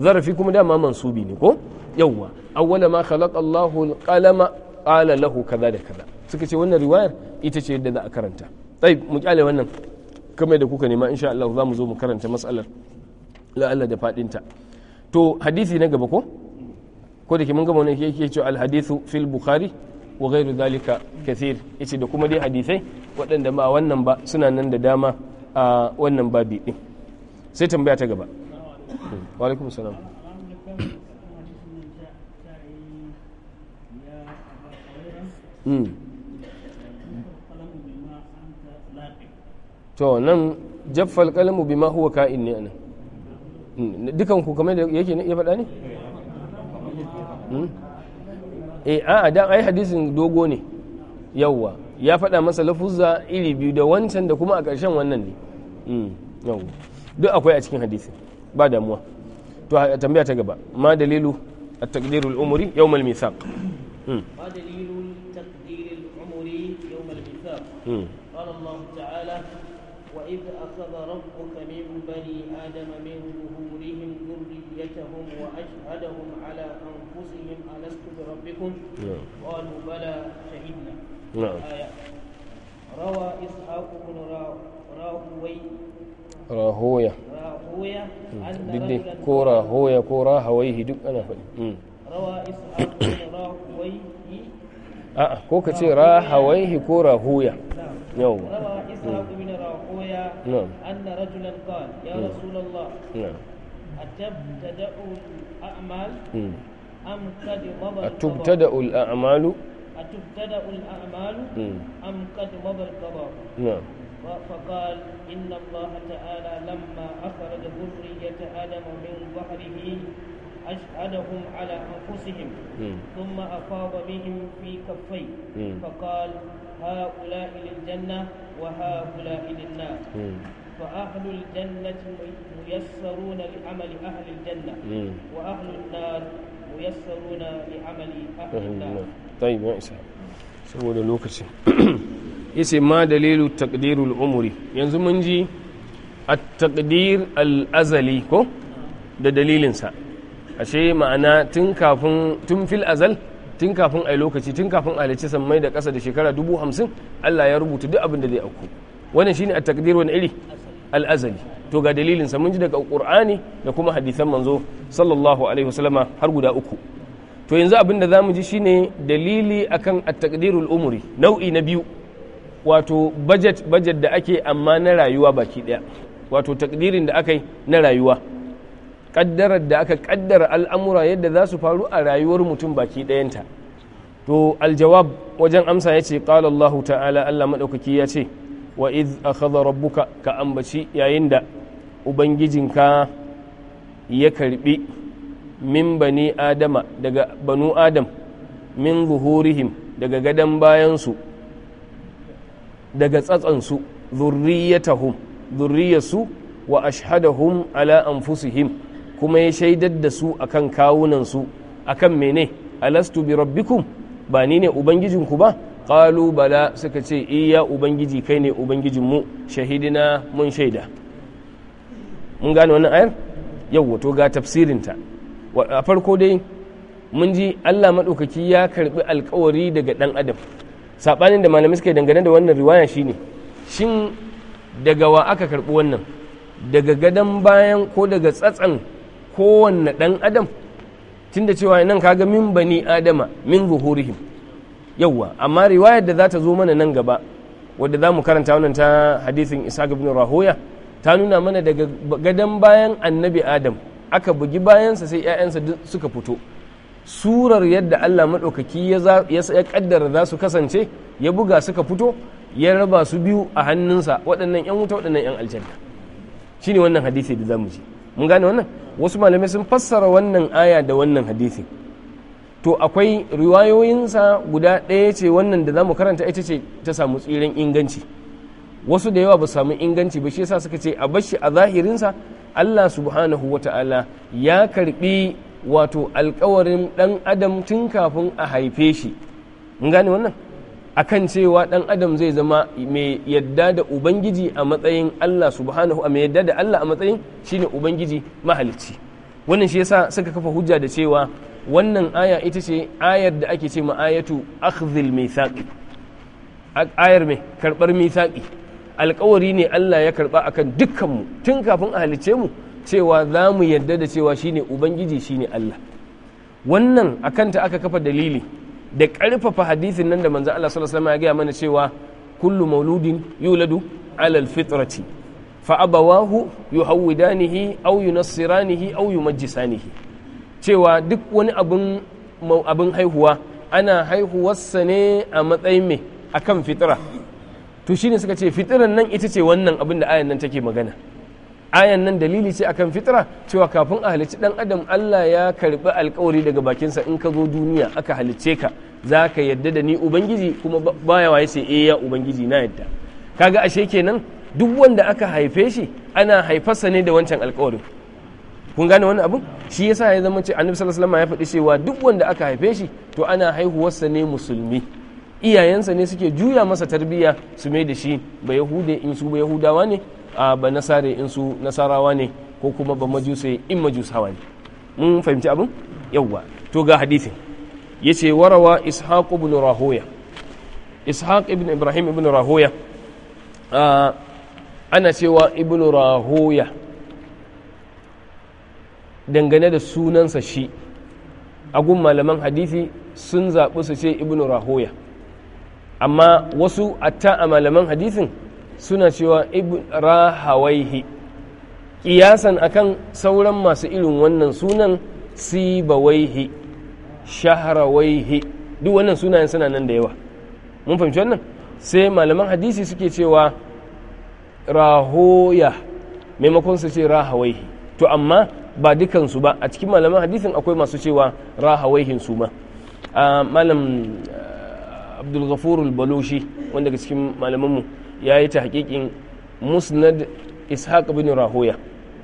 zarafi kuma dama mansubi ne ko yawwa awwala ma khalaqa Allahu al-qalama qala lahu kaza da kaza suka ce wannan riwayar ita ce yadda za a karanta tsayi mu kyale wannan kamar da kuka nema insha Allah za mu zo mu karanta matsalar la'alla da fadinta to hadisi na gaba ko ko da ke mun gama wani yake cewa alhadisu fil bukhari wa ghairu zalika kathir yace da kuma dai hadisai waɗanda ba wannan ba suna nan da dama a wannan babi din sai tambaya ta gaba wa alaikum salam hmm. to nan jaffal kalamu bima huwa ka'in ne anan dukan ku kamar da yake ya faɗa ne hmm? eh a'a dan ai hadisin dogo ne yawwa ya faɗa masa lafuzza iri biyu da wancan da kuma a ƙarshen wannan ne hmm, yawwa duk akwai a cikin hadisin ba damuwa to a tambaya ta gaba ma dalilu التقدير الأمري يوم الميثاق ما umri تقدير العمري يوم الميثاق قال الله تعالى وإذ أخذ ربك من بني آدم من ظهورهم رأيتهم وأشهدهم على أنفسهم ألست بربكم نعم. قالوا بلى شهدنا نعم آية. روى إسحاق بن راهوي راهوية راهوية أن رجلا كورا هوية كورا هويه دك أنا فلي روى إسحاق بن راهوي آه كوكا تي راهويه كورا هوية نعم روى إسحاق بن راهوية نعم أن رجلا قال يا رسول الله نعم أتبتدأ الأعمال أم قد مضى أتبتدأ الأعمال أتبتدأ الأعمال أم قد مضى القضاء نعم فقال إن الله تعالى لما أخرج ذرية آدم من ظهره أشهدهم على أنفسهم ثم أفاض بهم في كفيه فقال هؤلاء للجنة وهؤلاء للنار فأهل الجنة ميسرون لعمل أهل الجنة وأهل النار ميسرون لعمل أهل النار طيب يا إسحاق umuri yanzu mun ji at-taqdir al-azali ko da dalilinsa ashe ma'ana tun kafin tun fil azal tun kafin ai lokaci tun kafin alici sammai da kasa da shekara dubu hamsin Allah ya rubuta duk abin da zai auku wannan shine a takdir wani iri al'azali to ga dalilinsa mun ji daga ƙur'ani da kuma hadisan manzo sallallahu alaihi wasallama har guda uku to yanzu abin da za mu ji shine dalili akan at-taqdirul umuri nau'i na biyu wato bajet budget da ake amma na rayuwa baki daya wato takdirin da aka yi na rayuwa kaddarar da aka kaddara al'amura yadda za su faru a rayuwar mutum baki ɗayanta to aljawab wajen amsa ya ce ta'ala Allah maɗaukaki ya ce wa iz akhadha rabbuka ka ambaci yayin da ubangijinka ya karbi min bani adama daga banu adam min zuhurihim daga gadan bayansu daga tsatsansu zurriyatahum su wa ashhadahum ala anfusihim kuma ya shaidar da su akan kawunansu akan mene alastu bi rabbikum ba ni ne ubangijinku ba qalu bala suka ce iya ubangiji kai ne ubangijinmu shahidina mun shaida mun gane wannan ayar yau to ga tafsirinta a farko dai mun ji Allah maɗaukaki ya karbi alkawari daga ɗan adam saɓanin da malamai suka dangane da wannan riwaya shine shin daga wa aka karɓi wannan daga gadon bayan ko daga tsatsan kowanne ɗan adam tunda cewa nan kaga min bani adama min zuhurihim yawwa amma riwayar da za ta zo mana nan gaba wadda za mu karanta wannan ta hadisin isa ibn rahoya ta nuna mana daga gadon bayan annabi adam aka bugi bayansa sai 'ya'yansa suka fito surar yadda allah maɗaukaki ya kaddara za su kasance ya buga suka fito ya raba su biyu a hannunsa waɗannan 'yan wuta waɗannan 'yan aljanna shine wannan hadisi da za mu ji mun gane wannan wasu malamai sun fassara wannan aya da wannan hadisin to akwai riwayoyinsa guda ɗaya ce wannan da zamu mu karanta ita ce ta samu tsirin inganci wasu da yawa ba samu inganci ba shi yasa suka ce a bashi a zahirinsa Allah subhanahu wa ta'ala ya karbi wato alkawarin ɗan adam tun kafin a haife shi gane wannan akan cewa ɗan adam zai zama mai yadda da ubangiji a matsayin Allah subhanahu a mai yadda da Allah a matsayin shine ubangiji mahalicci wannan shi yasa suka kafa hujja da cewa wannan aya ita ce ayar da ake ce ma'ayatu akhdhil mithaq ayar mai karbar mithaqi alkawari ne Allah ya karba akan mu tun kafin a halice mu cewa za mu yarda da cewa shine ubangiji shine Allah wannan ta aka kafa dalili da karfafa hadisin nan da manzo Allah sallallahu alaihi wasallam ya gaya mana cewa kullu mauludin yuladu alal alfitrati fa abawahu yuhawidanihi aw yunassiranihi aw yumajjisanihi cewa duk wani abin haihuwa ana haihuwarsa ne a matsayin a akan fitira to shi ne suka ce fitiran nan ita ce wannan abin da ayan nan take magana ayan nan dalili ce akan fitira cewa kafin a halicci dan adam Allah ya karbi alkawari daga bakinsa in ka zo duniya aka halicce ka za ka yadda da ni ubangiji kuma baya waye sai eh ya ubangiji na yadda kaga ashe kenan duk wanda aka haife shi ana haifarsa ne da wancan alkawarin kun gane wani abun shi yasa ya zama ce annabi sallallahu alaihi wasallam ya faɗi cewa duk wanda aka haife shi to ana haihuwarsa ne musulmi iyayensa ne suke juya masa tarbiyya su mai da shi ba yahude in su ba yahudawa ne a ba nasare in su nasarawa ne ko kuma ba majusai in majusawa ne mun fahimci abin yawwa to ga hadithin yace warawa ishaq ibn rahoya ishaq ibn ibrahim ibn rahoya ana cewa ibn rahoya dangane da sunansa shi gun malaman hadisi sun zaɓi su ce ibnu rahoya amma wasu atta a malaman hadisin suna cewa ibn rahawaihi ƙiyasan akan sauran masu irin wannan sunan sibawaihi shaharawaihi duk wannan sunayen suna nan da yawa mun fahimci wannan sai malaman hadisi suke cewa rahoya maimakon su ce rahawaihi to amma ba dukansu ba a cikin malaman hadisin akwai masu cewa rahawaihin su ma malam eh, abdul baloshi wanda ga cikin malamanmu ya yi ta hakikin musnad ishaq bin rahoya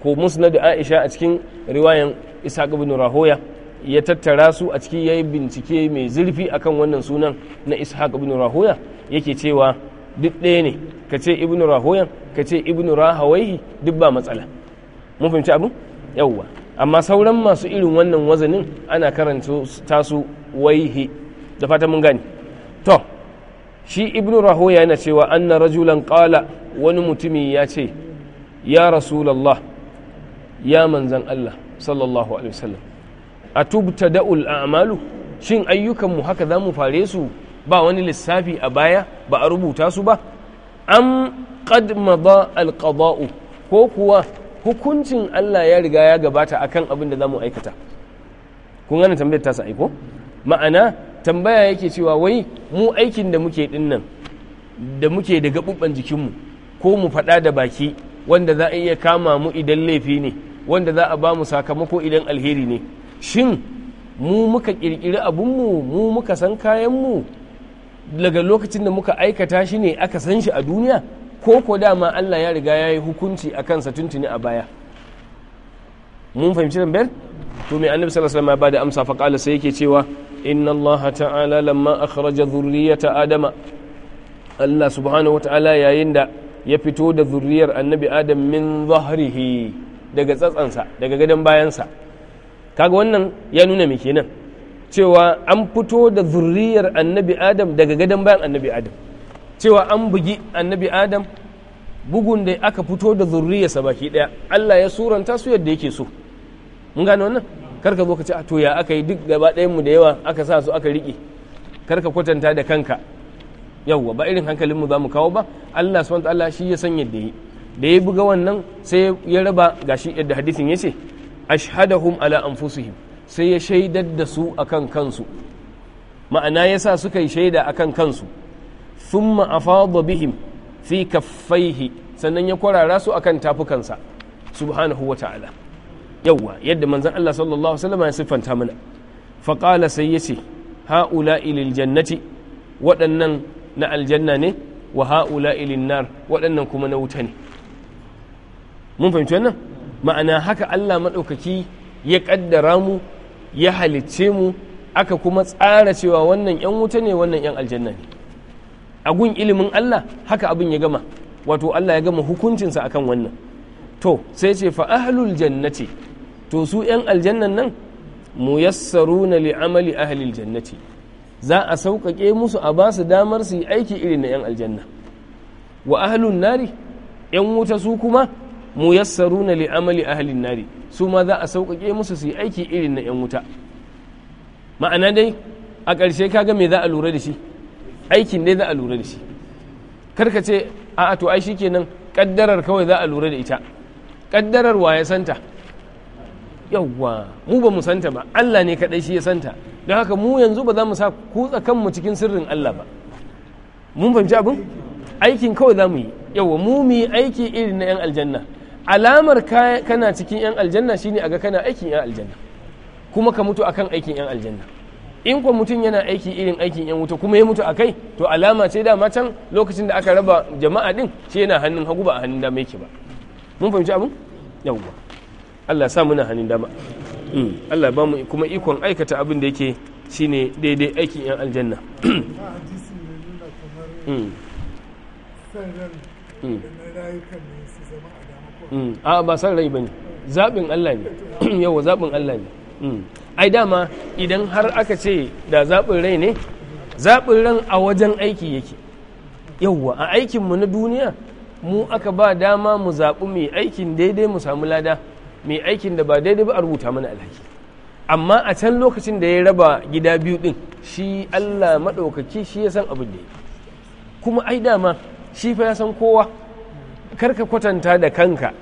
ko musnad aisha a cikin riwayan ishaq bin rahoya ya tattara su a cikin yayi bincike mai zurfi akan wannan sunan na ishaq bin rahoya yake cewa duk ɗaya ne ka ce ibn rahoya ka ce ibn rahawaihi duk ba matsala mun fahimci abu yawwa amma sauran masu irin wannan wazanin ana karanta tasu waihi da fata mun gani to shi ibnu ya yana cewa anna rajulan qala wani mutumi ya ce ya rasulallah ya manzan allah sallallahu alaihi wasallam a tubta da'ul a'malu shin ayyukanmu haka za mu fare su ba wani lissafi a baya ba a rubuta su ba an qad mada alqada'u ko kuwa hukuncin Allah ya riga ya gabata akan abin da za mu aikata kun gane tambayar ta sa aiko ma'ana tambaya yake cewa wai mu aikin da muke dinnan da muke da gabubban jikinmu ko mu faɗa da baki wanda za a iya kama mu idan laifi ne wanda za a ba mu sakamako idan alheri ne shin mu muka ƙirƙiri abinmu mu muka san kayanmu daga lokacin da muka aikata shi ne aka san shi a duniya ko ko dama Allah ya riga ya yi hukunci a kansa tuntuni a baya mun fahimci tambayar to mai annabi sallallahu alaihi wasallam ya bada amsa fa qala sai yake cewa inna Allah ta'ala lamma akhraja dhurriyata adama Allah subhanahu wata'ala yayin da ya fito da zurriyar annabi adam min zahrihi daga tsatsansa daga gadon bayansa kaga wannan ya nuna me kenan cewa an fito da zurriyar annabi adam daga gadon bayan annabi adam cewa an bugi annabi adam bugun da aka fito da zurriyarsa baki daya Allah ya suranta su yadda yake so mun gane wannan karka zo ka ce a to ya aka yi duk gaba ɗayan mu da yawa aka sa su aka riƙe karka kwatanta da kanka yawwa ba irin hankalin mu zamu kawo ba Allah subhanahu Allah shi ya san yadda yi da ya buga wannan sai ya raba gashi yadda hadisin yace ashhadahum ala anfusihim sai ya shaidar da su akan kansu ma'ana yasa suka yi shaida akan kansu thumma afadha bihim fi kaffaihi sannan ya kwarara su akan tafukansa subhanahu wa ta'ala yawwa yadda manzon Allah sallallahu alaihi wasallam ya siffanta mana fa qala sai yace haula ilil jannati waɗannan na aljanna ne wa haula ilin nar waɗannan kuma na wuta ne mun fahimci wannan ma'ana haka Allah maɗaukaki ya ƙaddara mu ya halicce mu aka kuma tsara cewa wannan 'yan wuta ne wannan 'yan aljanna ne a gun ilimin Allah haka abin ya gama wato Allah ya gama hukuncinsa akan wannan to sai ce fa ahlul jannati to su yan aljannan nan muyassaruna li amali ahlil jannati za a sauƙaƙe musu a ba su damar su yi aiki irin na yan aljanna wa ahlun nari yan wuta su kuma muyassaruna li amali ahlin nari su ma za a sauƙaƙe musu su yi aiki irin na yan wuta ma'ana dai a ƙarshe ka ga me za a lura da shi aikin ne za a lura da shi Kar ka ce a'a to ai shikenan kaddarar kawai za a lura da ita kaddarar wa ya santa yawwa mu ba mu santa ba Allah ne kadai shi ya santa don haka mu yanzu ba za mu sa kutsa kanmu cikin sirrin Allah ba mun fahimci abin aikin kawai za mu yi yawwa mu mu yi aiki irin na yan aljanna alamar kana cikin yan aljanna shine ga kana aikin yan aljanna kuma ka mutu akan aikin yan aljanna in ko mutum yana aiki irin aikin yan wuta kuma ya mutu a kai to alama ce dama can lokacin da aka raba jama'a din shi yana hannun hagu ba a hannun dama yake ba mun fahimci abin yawwa Allah sa muna hannun dama mm. Allah ba mu kuma ikon aikata abin da yake shine daidai aikin yan aljanna <coughs> mm. mm. a ba san rai bane zaɓin Allah ne <coughs> yawa zaɓin Allah ne ai dama idan har aka ce da zaɓin rai ne zaɓin ran a wajen aiki yake yauwa a aikinmu na duniya mu aka ba dama mu zaɓi mai aikin daidai mu samu lada mai aikin da ba daidai ba a rubuta mana alhaki amma a can lokacin da ya raba gida biyu ɗin shi allah maɗaukaki shi ya san abin da ya kuma ai dama shi fa ya san kowa karka kwatanta da kanka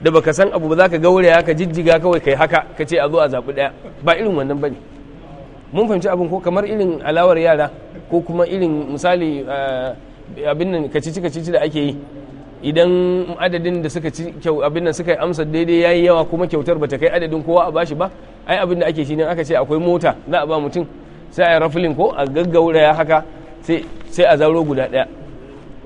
da baka san abu ba za ka gauraya ka jijjiga kawai kai haka ka ce a zo a zaɓi ɗaya ba irin wannan ba ne mun fahimci abin ko kamar irin alawar yara ko kuma irin misali eh, abin nan kacici kacici da ake yi idan adadin da suka ci kyau abin nan suka amsa daidai ya yi yawa kuma kyautar ba ta kai adadin kowa a bashi ba ai abin da ake shi ne aka ce akwai mota za a ba mutum sai a yi raflin ko a gaggauraya haka sai a zaro guda ɗaya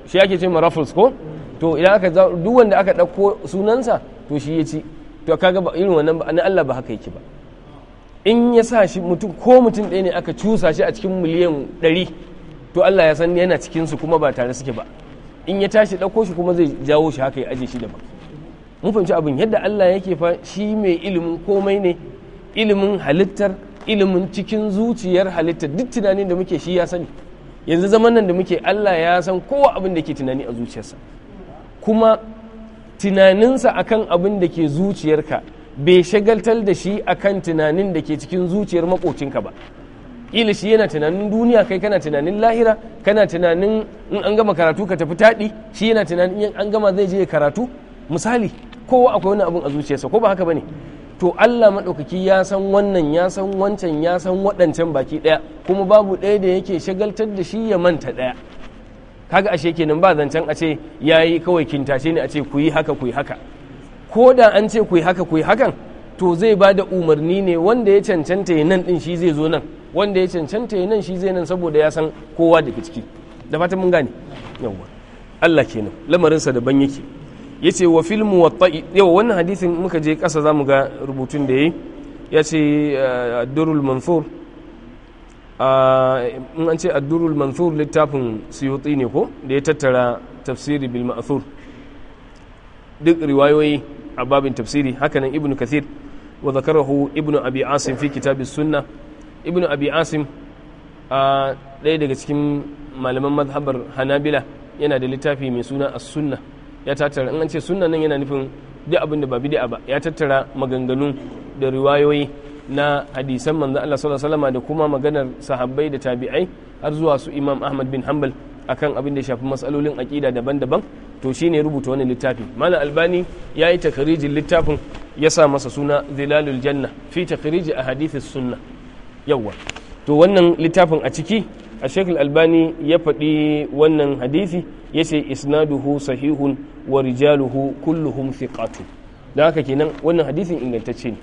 shi ake ce ma raffles ko to idan aka duk wanda aka ɗauko sunansa to shi ya ci to kaga ba irin wannan ba na Allah ba haka yake ba in ya sa shi mutum ko mutum ɗaya ne aka cusa shi a cikin miliyan ɗari to Allah ya san yana cikin su kuma ba tare suke ba in ya tashi ɗauko shi kuma zai jawo shi haka ya aje shi daban mun fahimci abin yadda Allah yake fa shi mai ilimin komai ne ilimin halittar ilimin cikin zuciyar halittar duk tunanin da muke shi ya sani yanzu zaman nan da muke Allah ya san kowa abin da ke tunani a zuciyarsa kuma tunaninsa akan abin da ke zuciyarka bai shagaltar da shi akan tunanin da ke cikin zuciyar makocinka ba ila shi yana tunanin duniya kai kana tunanin lahira kana tunanin in an gama karatu ka tafi taɗi shi yana tunanin in an gama zai je karatu misali kowa akwai wani abin a zuciyarsa ko ba haka bane to Allah maɗaukaki ya san wannan ya san wancan ya san waɗancan baki ɗaya kuma babu ɗaya da yake shagaltar da shi ya manta ɗaya kaga ashe kenan ba zancen a ce yi kawai kintashe ne a ce ku yi haka ku yi haka ko da an ce ku yi haka ku yi hakan to zai ba da umarni ne wanda ya cancanta ya nan din shi zai zo nan wanda ya cancanta ya nan shi zai nan saboda ya san kowa daga ciki da fatan mun gane yawwa Allah kenan lamarinsa daban yake yace wa fil muwatta'i yawa wannan hadisin muka je kasa zamu ga rubutun da yayi yace durul mansur in an ce addurul mansur littafin suyuti ne ko da ya tattara tafsiri bil ma'athur duk riwayoyi a babin tafsiri hakanan ibn kathir wa zakarahu ibn abi asim fi kitabis sunna ibn abi asim ɗaya daga cikin malaman mazhabar hanabila yana da littafi mai suna as sunna ya tattara in an ce sunna nan yana nufin duk abin da ba bid'a ba ya tattara maganganu da riwayoyi na hadisan manzon Allah sallallahu alaihi da kuma maganar sahabbai da tabi'ai har zuwa su Imam Ahmad bin Hanbal akan abin da ya shafi matsalolin aƙida daban-daban to shine rubuta wani littafi malam albani ya yi littafin ya sa masa suna zilalul janna fi takariji a hadithis sunna yawa to wannan littafin a ciki a shekul albani ya faɗi wannan hadisi ya ce isnaduhu sahihun wa rijaluhu kulluhum thiqatu da haka kenan wannan hadithin ingantacce ne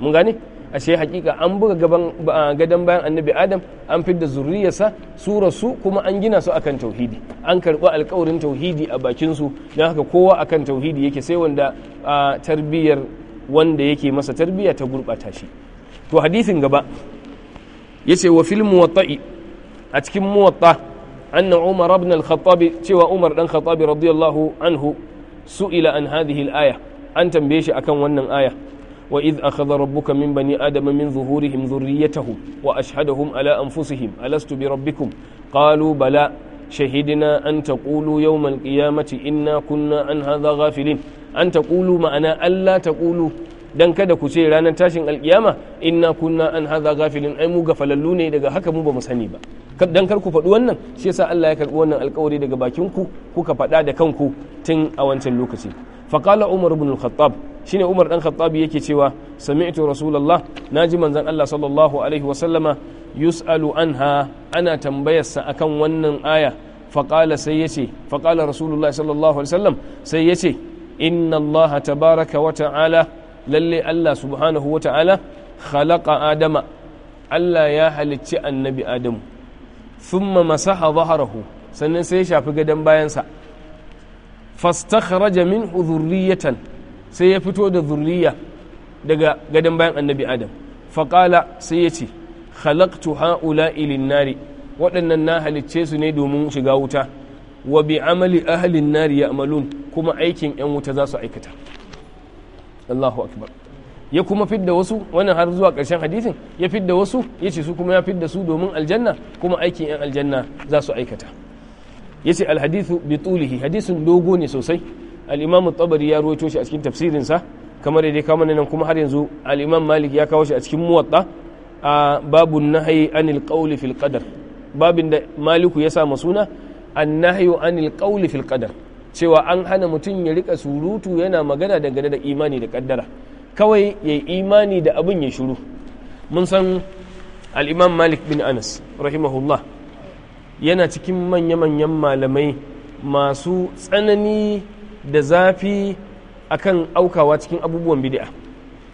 mun gane ashe hakika an buga gaban gadon bayan annabi adam an fidda zurriyarsa su rasu kuma an gina su akan tauhidi an karɓi alkawarin tauhidi a bakin su don haka kowa akan tauhidi yake sai wanda tarbiyar wanda yake masa tarbiyya ta gurɓata shi to hadisin gaba ce wa fil muwatta'i a cikin muwatta anna umar ibn al cewa umar dan khattabi radiyallahu anhu su'ila an hadhihi al-aya an tambaye shi akan wannan aya وإذ أخذ ربك من بني آدم من ظهورهم ذريتهم وأشهدهم على أنفسهم ألست بربكم قالوا بلى شهدنا أن تقولوا يوم القيامة إنا كنا عن هذا غافلين أن تقولوا معنا ألا تقولوا dan kada ku ce ranar tashin alkiyama inna kunna an hadha ghafilin ai mu gafalallu ne daga haka mu bamu sani ba dan kar ku faɗi wannan shi yasa Allah ya karbi wannan alƙawari daga bakin ku kuka faɗa da kanku tun a wancan lokaci faqala umar ibn al-khattab shine Umar dan Khattabi yake cewa sami'tu Rasulullah naji manzon Allah sallallahu alaihi wa sallama yus'alu anha ana tambayarsa akan wannan aya faqala sai yace faqala Rasulullah sallallahu alaihi wasallam sai yace inna Allah tabaraka wa ta'ala lalle Allah subhanahu wa ta'ala khalaqa adama Allah ya halicci annabi Adamu thumma masaha dhahrahu sannan sai ya shafi gadon bayansa fastakhraja minhu dhurriyatan sai ya fito da zurriya daga gadon bayan annabi adam faƙala sai ya ce halaktu ha'ula ilin nari waɗannan na halicce su ne domin shiga wuta wa bi amali ahalin nari ya amalun kuma aikin 'yan wuta za su aikata Allahu akbar ya kuma fidda wasu wannan har zuwa ƙarshen hadisin ya fidda wasu ya ce su kuma ya fidda su domin aljanna kuma aikin 'yan aljanna za su aikata ya ce alhadithu bi tulihi hadisin dogo ne sosai al-imam tabari ya ruwaito shi a cikin tafsirinsa kamar da kama nan kuma har yanzu al malik ya kawo shi a cikin muwatta a babun nahyi anil qawli fil qadar babin da maliku ya sa suna annahyu anil qawli fil qadar cewa an hana mutum ya rika surutu yana magana dangane da imani da kaddara kawai yayi imani da abin ya shiru mun san alimam malik bin anas rahimahullah yana cikin manya-manyan malamai masu tsanani da zafi akan aukawa cikin abubuwan bid'a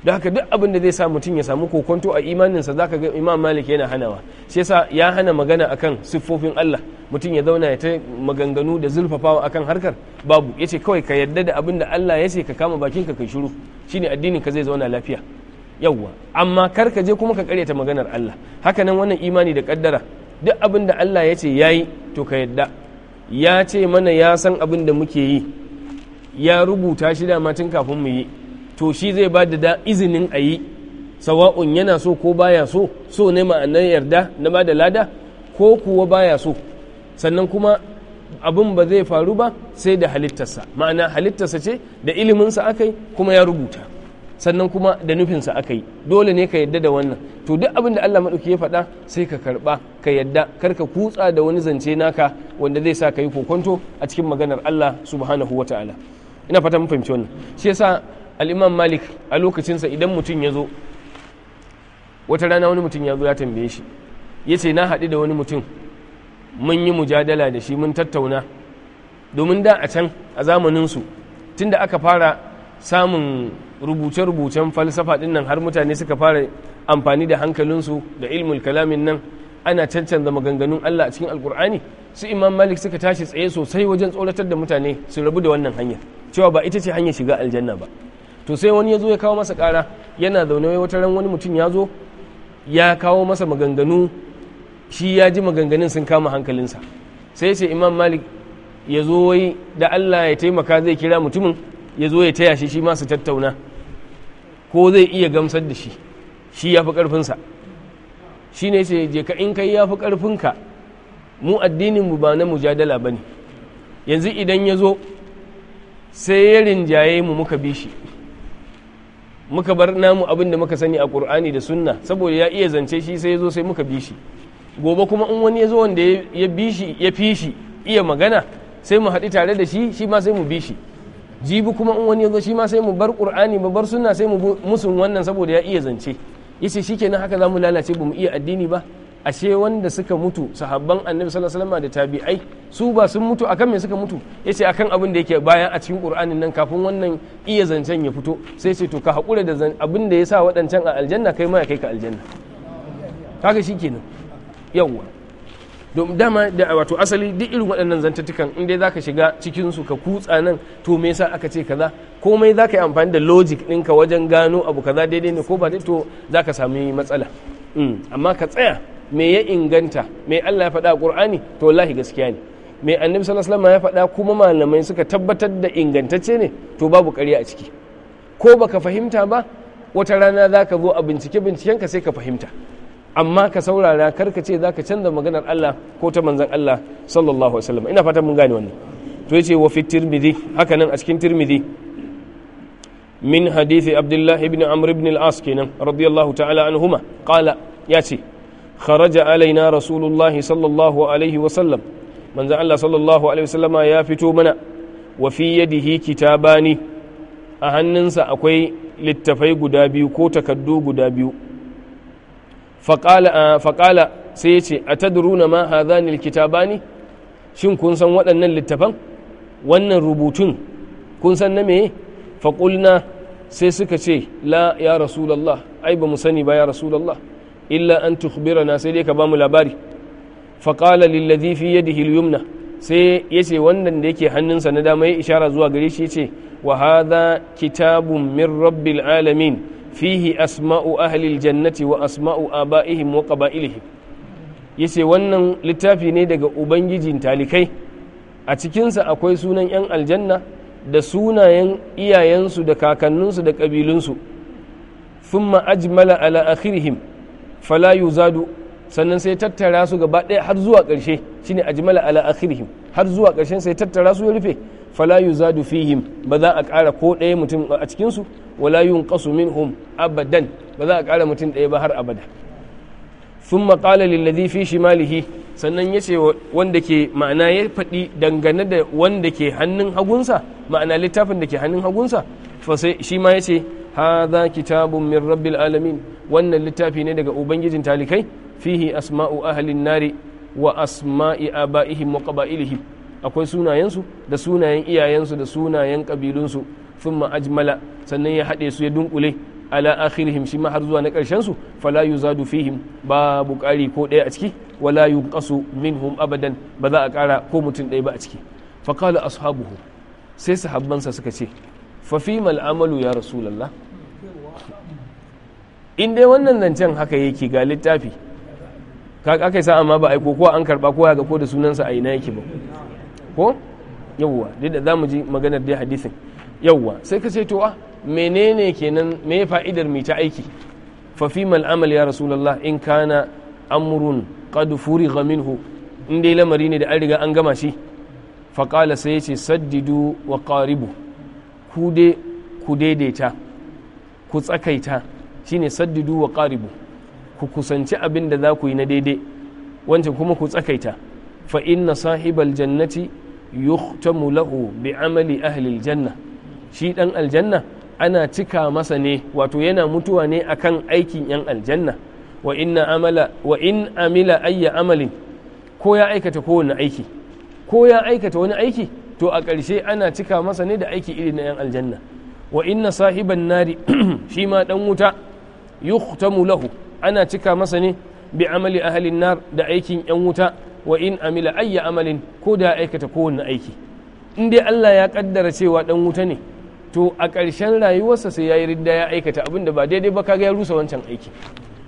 da haka duk abin da zai sa mutum ya samu kokonto a imaninsa zaka ga imam malik yana hanawa shi yasa ya hana magana akan siffofin Allah mutum ya zauna ya ta maganganu da zulfafawa akan harkar babu yace kawai ka yadda da abin da Allah ya ce ka kama bakin ka kai shiru shine addinin ka zai zauna lafiya yawwa amma kar ka je kuma ka karyata maganar Allah haka nan wannan imani da kaddara duk abin da Allah ya ce yayi to ka yadda ya ce mana ya san abin da muke yi ya rubuta shi da matin kafin mu yi to shi zai ba da izinin a yi sawa'un yana so ko baya so so ne ma'anar yarda na ba da lada ko kuwa baya so sannan kuma abin ba zai faru ba sai da halittarsa ma'ana halittarsa ce da iliminsa aka yi kuma ya rubuta sannan kuma da nufinsa aka yi dole ne ka yadda da wannan to duk abin da Allah maɗauki ya faɗa sai ka karɓa ka yadda kar ka kutsa da wani zance naka wanda zai sa ka yi kokonto a cikin maganar Allah subhanahu wa ta'ala ina fatan mun fahimci wannan shi yasa al-imam malik a lokacinsa idan mutum ya zo wata rana wani mutum ya zo ya tambaye shi ya ce na haɗu da wani mutum mun yi mujadala da shi mun tattauna domin da a can a zamaninsu tun da aka fara samun rubuce-rubucen falsafa ɗin nan har mutane suka fara amfani da hankalinsu da ilmul kalamin nan ana cancanza maganganun Allah a cikin alkur'ani su imam malik suka tashi tsaye sosai wajen tsoratar da mutane su rabu da wannan hanyar cewa ba ita ce hanyar shiga aljanna ba to sai wani ya zo ya kawo masa kara yana zaune wata ran wani mutum ya zo ya kawo masa maganganu shi ya ji maganganun sun kama hankalinsa sai ce imam malik ya zo wai da allah ya taimaka zai kira mutumin ya zo ya taya shi shi masu tattauna ko zai iya gamsar da shi shi ya fi ƙarfinsa shi ne sai je ka in kai ya fi ƙarfinka mu addinin mu ba na mujadala ba ne yanzu idan ya zo sai ya rinjaye mu muka bi shi muka bar namu abin da muka sani a ƙur'ani da sunna saboda ya iya zance shi sai ya zo sai muka bi shi gobe kuma in wani ya zo wanda ya bi shi ya fi shi iya magana sai mu haɗu tare da shi shi ma sai mu bi shi jibi kuma in wani ya zo shi ma sai mu bar ƙur'ani mu bar sunna sai mu musun wannan saboda ya iya zance yace shikenan haka za mu lalace ba mu iya addini ba ashe wanda suka mutu sahabban annabi sallallahu alaihi wasallam da tabi'ai su ba sun mutu akan me suka mutu yace akan abin da yake bayan a cikin qur'anin nan kafin wannan iya zancen ya fito sai ce to ka hakura da abin da yasa waɗancan a aljanna kai ma ya kai ka aljanna kaga shikenan yawa domin dama da wato asali duk irin waɗannan zantattukan in dai zaka shiga cikin su ka kutsa nan to me yasa aka ce kaza komai zaka yi amfani da logic ɗinka wajen gano abu kaza daidai ne ko ba to zaka sami matsala hmm, amma ka tsaya me ya inganta me Allah ya faɗa a Qur'ani to wallahi gaskiya ne me annabi sallallahu alaihi ya faɗa kuma malamai suka tabbatar da ingantacce ne to babu ƙarya a ciki ko baka fahimta ba wata rana za ka zo a bincike binciken ka sai ka fahimta amma ka saurara karka ce za ka canza maganar Allah ko ta manzan Allah sallallahu alaihi wasallam ina fatan mun gane wannan to yace wa fi tirmidhi haka nan a cikin tirmidhi min hadisi abdullahi ibn amr ibn al-as kenan radiyallahu ta'ala anhuma qala yace kharaja alaina rasulullahi sallallahu alaihi wasallam manzan Allah sallallahu alaihi wasallama ya fito mana wa fi yadihi kitabani a hannunsa akwai littafai guda biyu ko takaddu guda biyu faƙala sai ya ce a tadruna ma hadhanil kitabani shin kun san waɗannan littafan wannan rubutun kun san na meye faƙulna sai suka ce la ya rasulallah ai ba mu sani ba ya rasulallah illa an na sai dai ka bamu labari faqala lilladhi fi yadihi al-yumna sai yace wannan da yake hannunsa na dama ya ishara zuwa gare shi yace wa hadha kitabun min rabbil alamin fihi asma'u ahli al-jannati wa asma'u aba'ihim wa qaba'ilihim yace wannan littafi ne daga ubangijin talikai a cikinsa akwai sunan 'yan aljanna da sunayen iyayensu da kakanninsu da ƙabilunsu thumma ajmala ala akhirihim fala yuzadu sannan sai tattara su gaba ɗaya har zuwa ƙarshe shine ajmala ala akhirihim har zuwa ƙarshen sai tattara su ya rufe fala yuzadu fihim ba za a ƙara ko ɗaya mutum a cikin su wala yunqasu minhum abadan ba za a ƙara mutum ɗaya ba har abada thumma qala lil fi shimalihi sannan ya ce wanda ke ma'ana ya faɗi dangane da wanda ke hannun hagunsa ma'ana littafin da ke hannun hagunsa fa sai shi ma ya ce hadha kitabun min rabbil alamin wannan littafi ne daga ubangijin talikai fihi asma'u ahlin nari wa asma'i abaihim wa qaba'ilihim akwai sunayensu da sunayen iyayensu da sunayen kabilunsu thumma ajmala sannan ya hade su ya dunkule ala akhirihim shi ma har zuwa na karshen su fala yuzadu fihim babu ƙari ko ɗaya a ciki wala yunqasu minhum abadan ba za a ƙara ko mutum ɗaya ba a ciki faqala ashabuhu sai sahabbansa suka ce fafimal amalu ya rasulallah in dai wannan zancen haka yake ga littafi aka yi sa'a ba aiko ko an karba ko ya ga ko da sunansa a ina yake ba ko yawwa duk da zamu ji maganar dai hadisin yawwa sai ka ce to a ah, menene kenan me fa'idar mai ta aiki fafimal amal ya rasulallah in kana amrun qad furiga minhu in dai lamari ne da an riga an gama shi fa sai ya ce saddidu wa qaribu ku daidaita ku tsakaita shine saddidu wa karibu ku kusanci abin da za ku yi na daidai wancan kuma ku tsakaita fa inna sahibal jannati yuhtamu lahu bi amali ahli aljanna shi dan aljanna ana cika masa ne wato yana mutuwa ne akan aikin yan aljanna wa inna in amila ayya amalin ko ya aikata kowane aiki ko ya aikata wani aiki to a ƙarshe ana cika masa ne da aiki iri na 'yan aljanna wa inna sahiban nari <clears throat> shi ma ɗan wuta yuhtamu lahu ana cika masa ne bi amali ahalin nar da aikin 'yan wuta wa in amila ayya amalin ko da aikata kowanne aiki in dai Allah ya kaddara cewa ɗan wuta ne to a ƙarshen rayuwarsa sai ya yi ridda ya aikata abin da ba daidai ba kaga ya rusa wancan aiki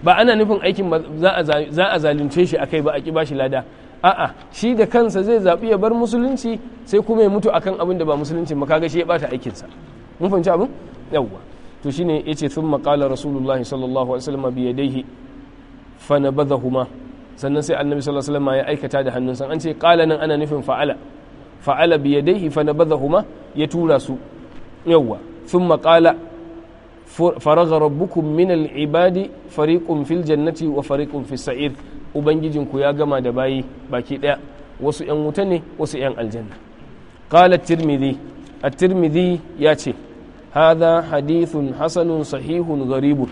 ba ana nufin aikin za a zalunce shi akai ba a ba shi lada a'a shi da kansa zai zaɓi ya bar musulunci sai kuma ya mutu akan abin da ba musulunci ba kaga shi ya bata aikinsa mun fahimci abin yawwa to shine yace thumma qala rasulullah sallallahu alaihi wasallam bi yadayhi fa nabadhahuma sannan sai annabi sallallahu alaihi wasallam ya aikata da hannunsa an ce qala nan ana nufin fa'ala fa'ala bi yadayhi fa nabadhahuma ya tura su yawwa sun thumma qala فرغ ربكم من العباد fil jannati wa وفريق في السعير ubangijinku ya gama da bayi baki ɗaya wasu 'yan wuta ne wasu 'yan aljanna qala tirmidhi a tirmidhi ya ce haza hadithun hasanun sahihun garibun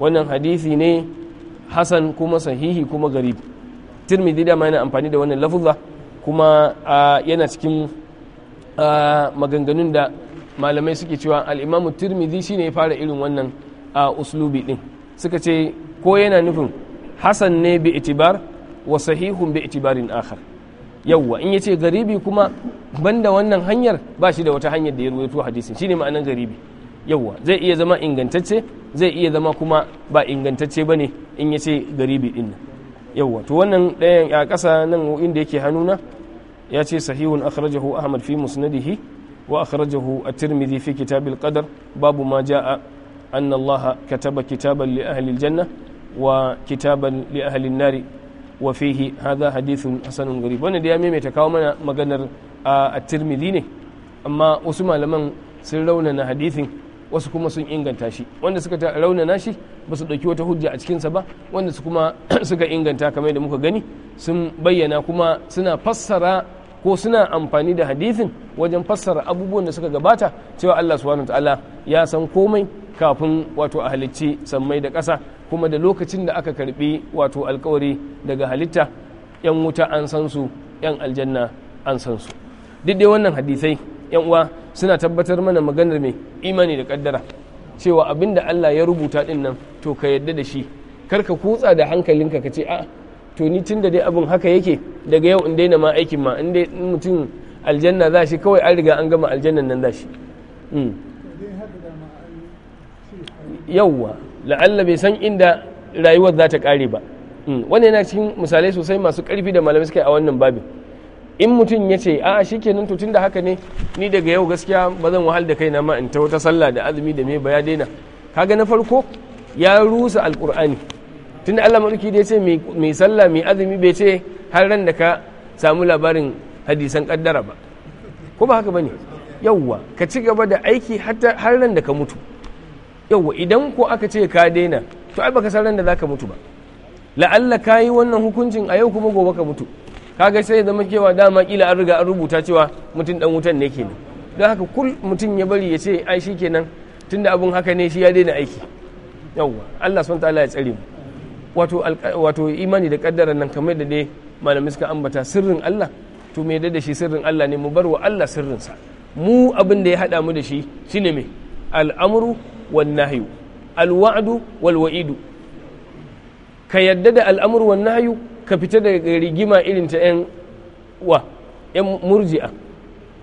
wannan hadisi ne hasan kuma sahihi kuma garibu. tirmidhi da yana amfani da wannan lafuzza kuma yana cikin maganganun da malamai suke cewa al-imamu tirmidhi shine ya fara irin wannan a uslubi din suka ce ko yana nufin hasan ne bi itibar wa sahihun bi itibarin akhar yawwa in yace garibi kuma banda wannan hanyar ba shi da wata hanyar da ya ruwaito hadisin shine ma'anar garibi yawwa zai iya zama ingantacce zai iya zama kuma ba ingantacce bane in yace garibi din nan yawwa to wannan ɗayan a ƙasa nan inda yake hannuna ya ce sahihun akhrajahu ahmad fi musnadihi wa akhrajahu at-tirmidhi fi kitabil qadar babu ma jaa anna allaha kataba kitaban li ahli al-janna وكتابا لأهل النار وفيه هذا حديث حسن غريب wannan da ya maimaita kawo mana maganar at-Tirmidhi ne amma wasu malaman sun raunana wasu kuma sun inganta shi wanda suka raunana shi ba su ɗauki wata hujja a cikinsa ba wanda su kuma <clears throat> suka inganta kamar da muka gani sun bayyana kuma suna fassara ko suna amfani da hadithin wajen fassara abubuwan da suka gabata cewa Allah subhanahu wa ta'ala ya san komai kafin wato a halicci sammai da ƙasa kuma da lokacin da aka karbi wato alkawari daga halitta yan wuta an san su yan aljanna an san su duk dai wannan hadisai yan uwa suna tabbatar mana maganar mai imani da kaddara cewa abin da Allah ya rubuta din nan to ka yadda da shi kar ka kutsa da hankalinka ka ce a to ni tun da dai abin haka yake daga yau in daina ma aikin ma in dai mutum aljanna za shi kawai an riga an gama aljannan nan za shi hmm. yauwa la'alla bai san inda rayuwar za ta kare ba hmm. wani yana cikin misalai sosai masu karfi da malamai suka a wannan babin in mutum ya ce a shi kenan to tun da haka ne ni daga yau gaskiya ba zan wahal da kai ma in ta wata sallah da azumi da me ba ya daina kaga na farko ya rusa alkur'ani tun da Allah madauki da ya ce mai sallah mai azumi bai ce har ran da ka samu labarin hadisan kaddara ba ko ba haka bane yawwa ka ci gaba da aiki har ran da ka mutu yauwa idan ko aka ce ka daina to ai baka san ran da zaka mutu ba la'alla ka yi wannan hukuncin a yau kuma gobe ka mutu kaga sai zama kewa dama kila an riga an rubuta cewa mutum dan wutan ne kenan don haka kul mutum ya bari ya ce ai shikenan tunda abun haka ne shi ya daina aiki yauwa Allah subhanahu ta'ala ya tsare mu wato wato imani da kaddara nan kamar da dai malamai suka ambata sirrin Allah to me da shi sirrin Allah ne mu bar wa Allah sirrinsa mu abin da ya hada mu da shi shine me al'amru والنهي الوعد والوعيد كيدد wal wa'idu ka yadda da al'amur wan nahyu ka fita daga rigima irin ta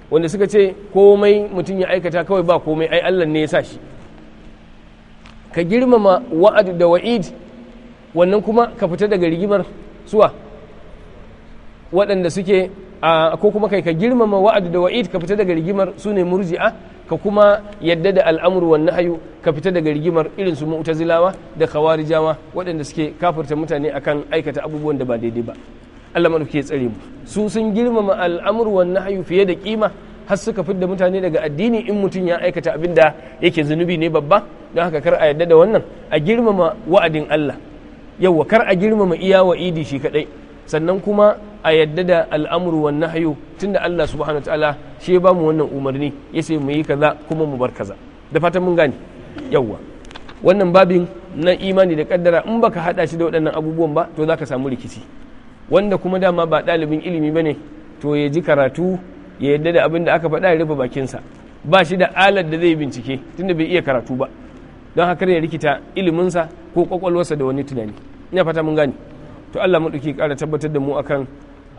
wanda suka ce komai mutum ya aikata kawai ba komai ai Allah ne ya sa shi ka girmama wa'ad da wa'id wannan kuma ka fita daga rigimar suwa waɗanda suke ko kuma kai ka girmama wa'ad da wa'id ka fita daga rigimar su ne murji'a ka kuma yadda da al'amuru wa nahyu ka fita daga rigimar irin su mu'tazilawa da khawarijawa waɗanda suke kafirta mutane akan aikata abubuwan da ba daidai ba Allah madauki ke tsare mu su sun girmama al'amuru wa nahyu fiye da kima har suka fidda mutane daga addini in mutum ya aikata abin da yake zunubi ne babba don haka kar a yadda da wannan a girmama wa'adin Allah yawwa kar a girmama iya wa'idi shi kadai sannan kuma a yadda da al'amuru wa tun tunda Allah subhanahu ta'ala shi ya bamu wannan umarni Ya yace mu yi kaza kuma mu bar kaza da fatan mun gane yawwa wannan babin na imani da kaddara in baka hada shi da waɗannan abubuwan ba to zaka samu rikici wanda kuma dama ba ɗalibin ilimi ba ne. to ya ji karatu ya yadda da abin da aka faɗa ya rufe bakinsa ba shi da alar da zai bincike tunda bai iya karatu ba don haka ya rikita iliminsa ko kwakwalwarsa da wani tunani ina fata mun gane to Allah maɗauki ƙara tabbatar da mu akan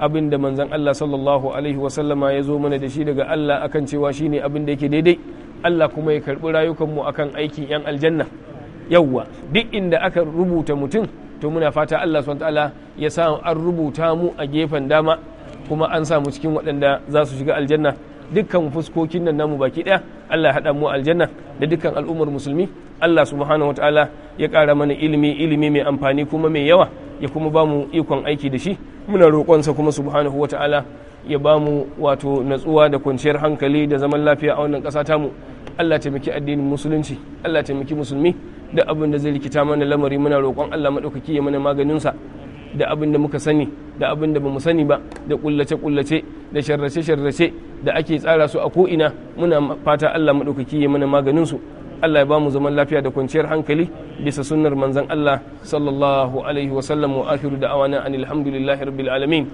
abin da manzan Allah sallallahu alaihi wasallama ya zo mana da shi daga Allah akan cewa shi ne abin da yake daidai Allah kuma ya karɓi rayukanmu akan aikin 'yan aljanna yawwa duk inda aka rubuta mutum to muna fata Allah subhanahu ya sa an rubuta mu a gefen dama kuma an samu cikin waɗanda za su shiga aljanna dukkan fuskokin nan namu baki daya Allah ya haɗa mu aljanna da dukkan al'ummar musulmi Allah subhanahu wataala ya ƙara mana ilimi ilimi mai amfani kuma mai yawa ya kuma ba mu ikon aiki da shi muna roƙonsa kuma subhanahu wataala ya ba mu wato natsuwa da kwanciyar hankali da zaman lafiya a wannan ƙasa tamu Allah taimaki addinin musulunci Allah taimaki musulmi da abin da zai likita mana lamari muna roƙon Allah maɗaukaki ya mana sa. da abin da muka sani da abin da mu sani ba da kullace kullace da sharrace sharrace da ake tsara su a ko'ina muna fata Allah maɗaukaki ya mana maganin su Allah ya ba mu zaman lafiya da kwanciyar hankali bisa sunnar manzan Allah sallallahu alaihi wa sallam wa akhiru da'awana anil hamdulillahi rabbil alamin